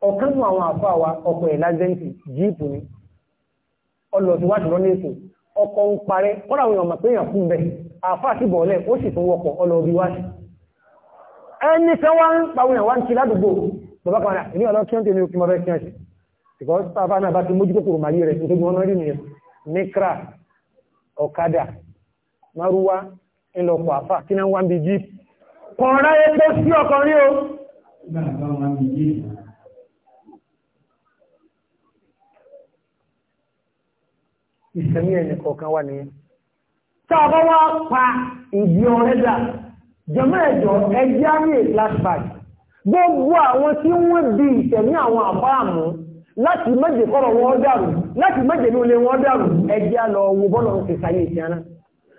ọ̀kan nù àwọn àfọ àwa ọkọ̀ ẹ̀ lájẹ́ǹtì jíìpù ni ọlọ́ọ̀tí wájú lọ́nà èkó ọkọ̀ ń parẹ́ èèyàn mọ̀ pé èèyàn bẹ̀ àfáà ó sì tún márúwá ńlọpọ̀ àfà kí náà wá ń bí jí kọ̀ọ̀rá epo sí ọkọ̀ rí o ìsẹ̀mí ẹ̀nì kọ̀ọ̀kan wà ní tàbá wá pa ìdí ọ̀rẹ́dà jẹmọ́ ẹ̀jọ́ ẹjẹ́ àmì flashback gbogbo àwọn tí wọ́n bí ìsẹ̀mí àwọn àbáàmù láti mẹ́jẹ̀ kọ́rọ̀ wọn dàrú láti mẹ́jẹ̀ ní olè wọn dàrú ẹjẹ́ lọ wo bọ́lọ̀ ń fi sáyé ìsẹ̀ náà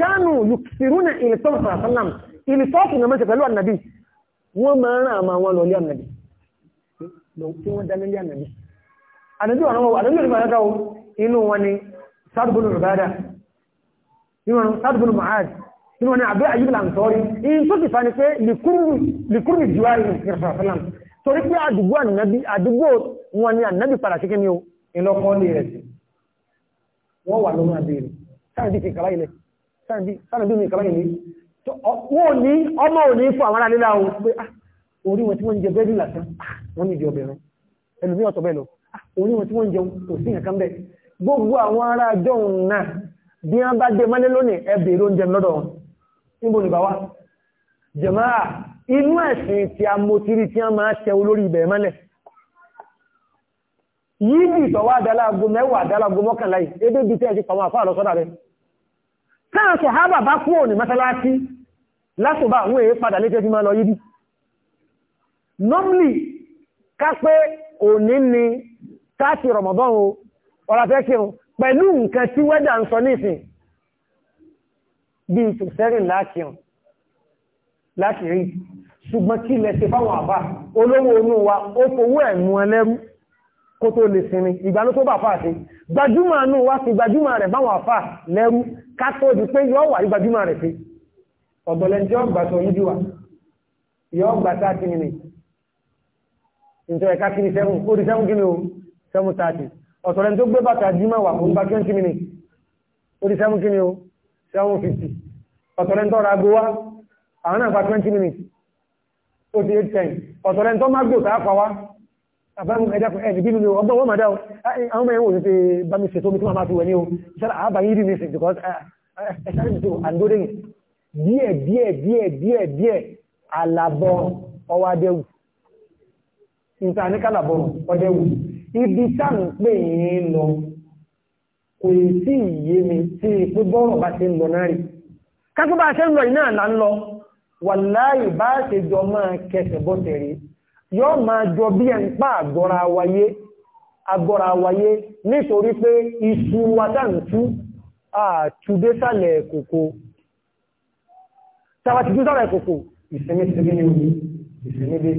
kánù yùkìsìrúnà ìlìsọ́fù sàlám ìlìsọ́fù ní mẹ́sẹ̀ pẹ̀lú ànàbí wọ́n máa ń rán àmà wọn lọ lé ànàbí tí wọ́n dání lé ànàbí ànàbí ọ̀nà wọn ànàbí ọ̀nà wọn inú wọn ni sádùbùnù rùbádà inú wọn sádùbùnù mọ̀hád inú wọn ni àbẹ́ àyíbìlà àǹtọ́rí in tó ti fa ni pé lìkúrú ìjùwá ìlìsọ́fù torí pé àdúgbò ànàbí àdúgbò wọn ni ànàbí padà sí kí ni o ìlọ́kọ́ lè rẹ̀ sí wọ́n wà lọ́nà àbẹ̀rẹ̀ sáà sánàbí mi kàbáyé ní wọ́n ní ọmọ òní fún àwọn aláàlélá ohun pé ah, orí wọn tí wọ́n ń jẹ bẹ́ẹ̀dì lásán ah, wọ́n ní ìdí ọbẹ̀rún ẹnu ní ọ̀tọ̀ bẹ́ẹ̀ lọ ah, orí wọn tí wọ́n ń jẹun kò sí nǹkan bẹ́ẹ̀ gbogbo àwọn ará àjọ náà bí wọ́n bá dé mọ́lé lónìí ẹ bèèrè oúnjẹ lọ́dọ̀ wọn níbo nìbá wa jàmáà inú ẹ̀sìn tí a mo tiri tí a máa tẹ olórí ibẹ̀ mọ́lẹ̀ yìí bì sọ wá àdálágo mẹ́wàá àdálágo mọ́kànlá yìí ebébi tẹ́ ẹ ti pàwọn àfáà lọ sọ́dà rẹ̀ táà sọ̀hábà bá kú òní mọ́sálásí lásòbá àwọn èé padà léjẹ́ tí máa lọ yìí normally ká pé òní ni táàtì Ramadan o ọ̀làfẹ́ kí o pẹ̀lú nǹkan tí wẹ́dà ń sọ nísìn bí ìtòsẹ́rìn láti rí ṣùgbọ́n kí lẹ́sẹ̀ fáwọn àbá olówó onú wa ó fowó ẹ̀mú kó tó lè sinmi ìgbàlú tó bá fà sí gbajúmọ̀ anú wá sí gbajúmọ̀ rẹ̀ báwọn àfà lẹ́rú ká tó di pé yọ́ wà gbajúmọ̀ rẹ̀ sí ọ̀dọ̀lẹ́ tí ó gbà sọ yíjú wa yọ́ gbà tààtì nìmi ìjọba káàkiri sẹ́wọ̀n ó di sẹ́wọ̀n kíni o sẹ́wọ̀n tààtì ọ̀tọ̀lẹ́ tó gbé bàtà jímọ̀ wà fún bá kíni kíni ó di sẹ́wọ̀n kíni o sẹ́wọ̀n fifty ọ̀tọ̀lẹ́ tó ra agbó wa àwọn náà gba twenty minutes ó ti eight ten ọ̀tọ̀lẹ́ tó má gbò tá a fa wa àbáwọn ẹ̀dàkùn ẹ̀dì bí nínú ọgbọ́n wọ́n máa dáwọ́ àwọn ọmọ tí o ṣára àbáyé rí mẹ́sìn because ẹ̀ṣẹ́ rí mẹ́sìn àndódéyìn díẹ̀ díẹ̀ díẹ̀ díẹ̀ díẹ̀ alàbọ̀ ọwọ́ adẹ́wù ìta ní kálàbọ̀ ọdẹ́wù ibi táà ń pè yín lọ kò sí ìyé mi tí pé bọ́rọ̀ bá ṣe ń lọ náà rí kápẹ́ bá ṣe ń lọ yìí náà là ń lọ wàláì bá ṣe jọ máa kẹsẹ̀ bọ́tẹ̀ rí yóò máa jọ bí ẹ̀ ń pa àgọ́ra wáyé wáyé nítorí pé isu wadáǹtú àtúdésàlẹ̀ kòkó tàbátí tó sàlẹ̀ kòkó ìsinmi ní omi ìsinmi dé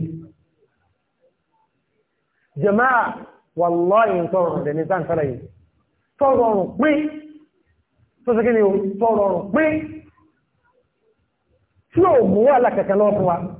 jẹmáà tọrọ rẹ̀ ní tọrọ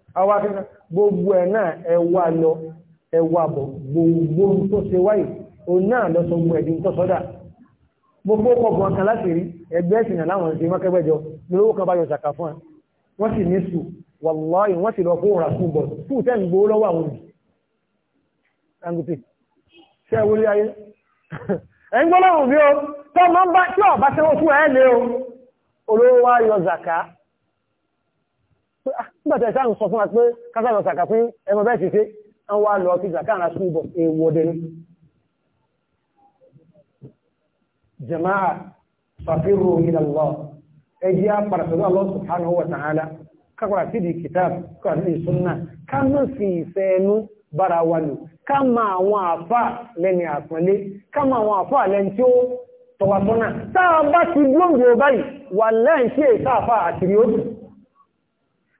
àwọn akẹ́kọ̀ọ́ gbogbo ẹ̀ náà ẹ lọ ẹ bọ̀ gbogbo tó ṣe wáyé náà lọ sọ gbogbo ẹ̀dín tó sọ́dà gbogbo kọ̀ọ̀kan kan láti rí ẹgbẹ́ ẹ̀sìn láwọn ṣe mọ́kẹ́gbẹ́jọ lówó kan bá yọ ṣàkà fún ẹ wọ́n sì ní sù sì lọ ra sùn bọ̀ fún ìtẹ́ ìgbó lọ́wọ́ àwọn ṣe wọlé ayé ń gbọ́ lọ́wọ́ o Ah, nígbàtà ìsáà ń sọ fún wa pé kásàlọ̀ sàkà fún ẹmọ bẹ́ẹ̀ ṣiṣẹ́ ń wá lọ sí ìgbà káàrà sí ìbọ̀ èèwọ̀ dẹ̀ ní jama'a fàfírò ìlàlọ́ ẹjí á padà pẹ̀lú Allah subhanahu wa ta'ala kákọ̀rà sí di kitab kọ̀rà sí sunna ká mọ́ sí ìfẹ́ ẹnu bára wa lò ká ma àwọn àfà lẹ́ni àpọ́nlé ká ma àwọn àfà lẹ́ni tí ó tọwàtọ́nà táà bá ti gbóǹgbò báyìí wà lẹ́yìn tí èsà àfà àtìrí ó dùn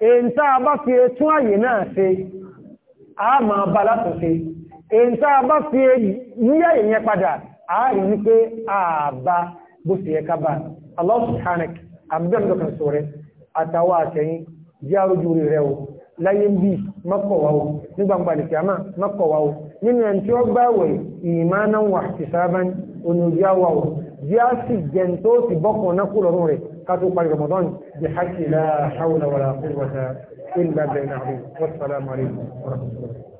èyíntà bá fi tún àyè náà ṣe a máa bá látúnṣe èyíntà bá fi yíyá èyàn padà a rí wípé àbá bó sì yẹ kábà Allah subhanak àbúgbẹ̀mdọ̀kan sọ̀rẹ́ àtàwà àtẹ̀yìn járójú rẹ̀ o láyé bá wẹ̀ ìmánáwà jẹ́ sì jẹun tó ti bọ́kàn náà kúrọ̀rùn rẹ̀ قد قال رمضان بحق لا حول ولا قوة إلا بالله والسلام عليكم ورحمة الله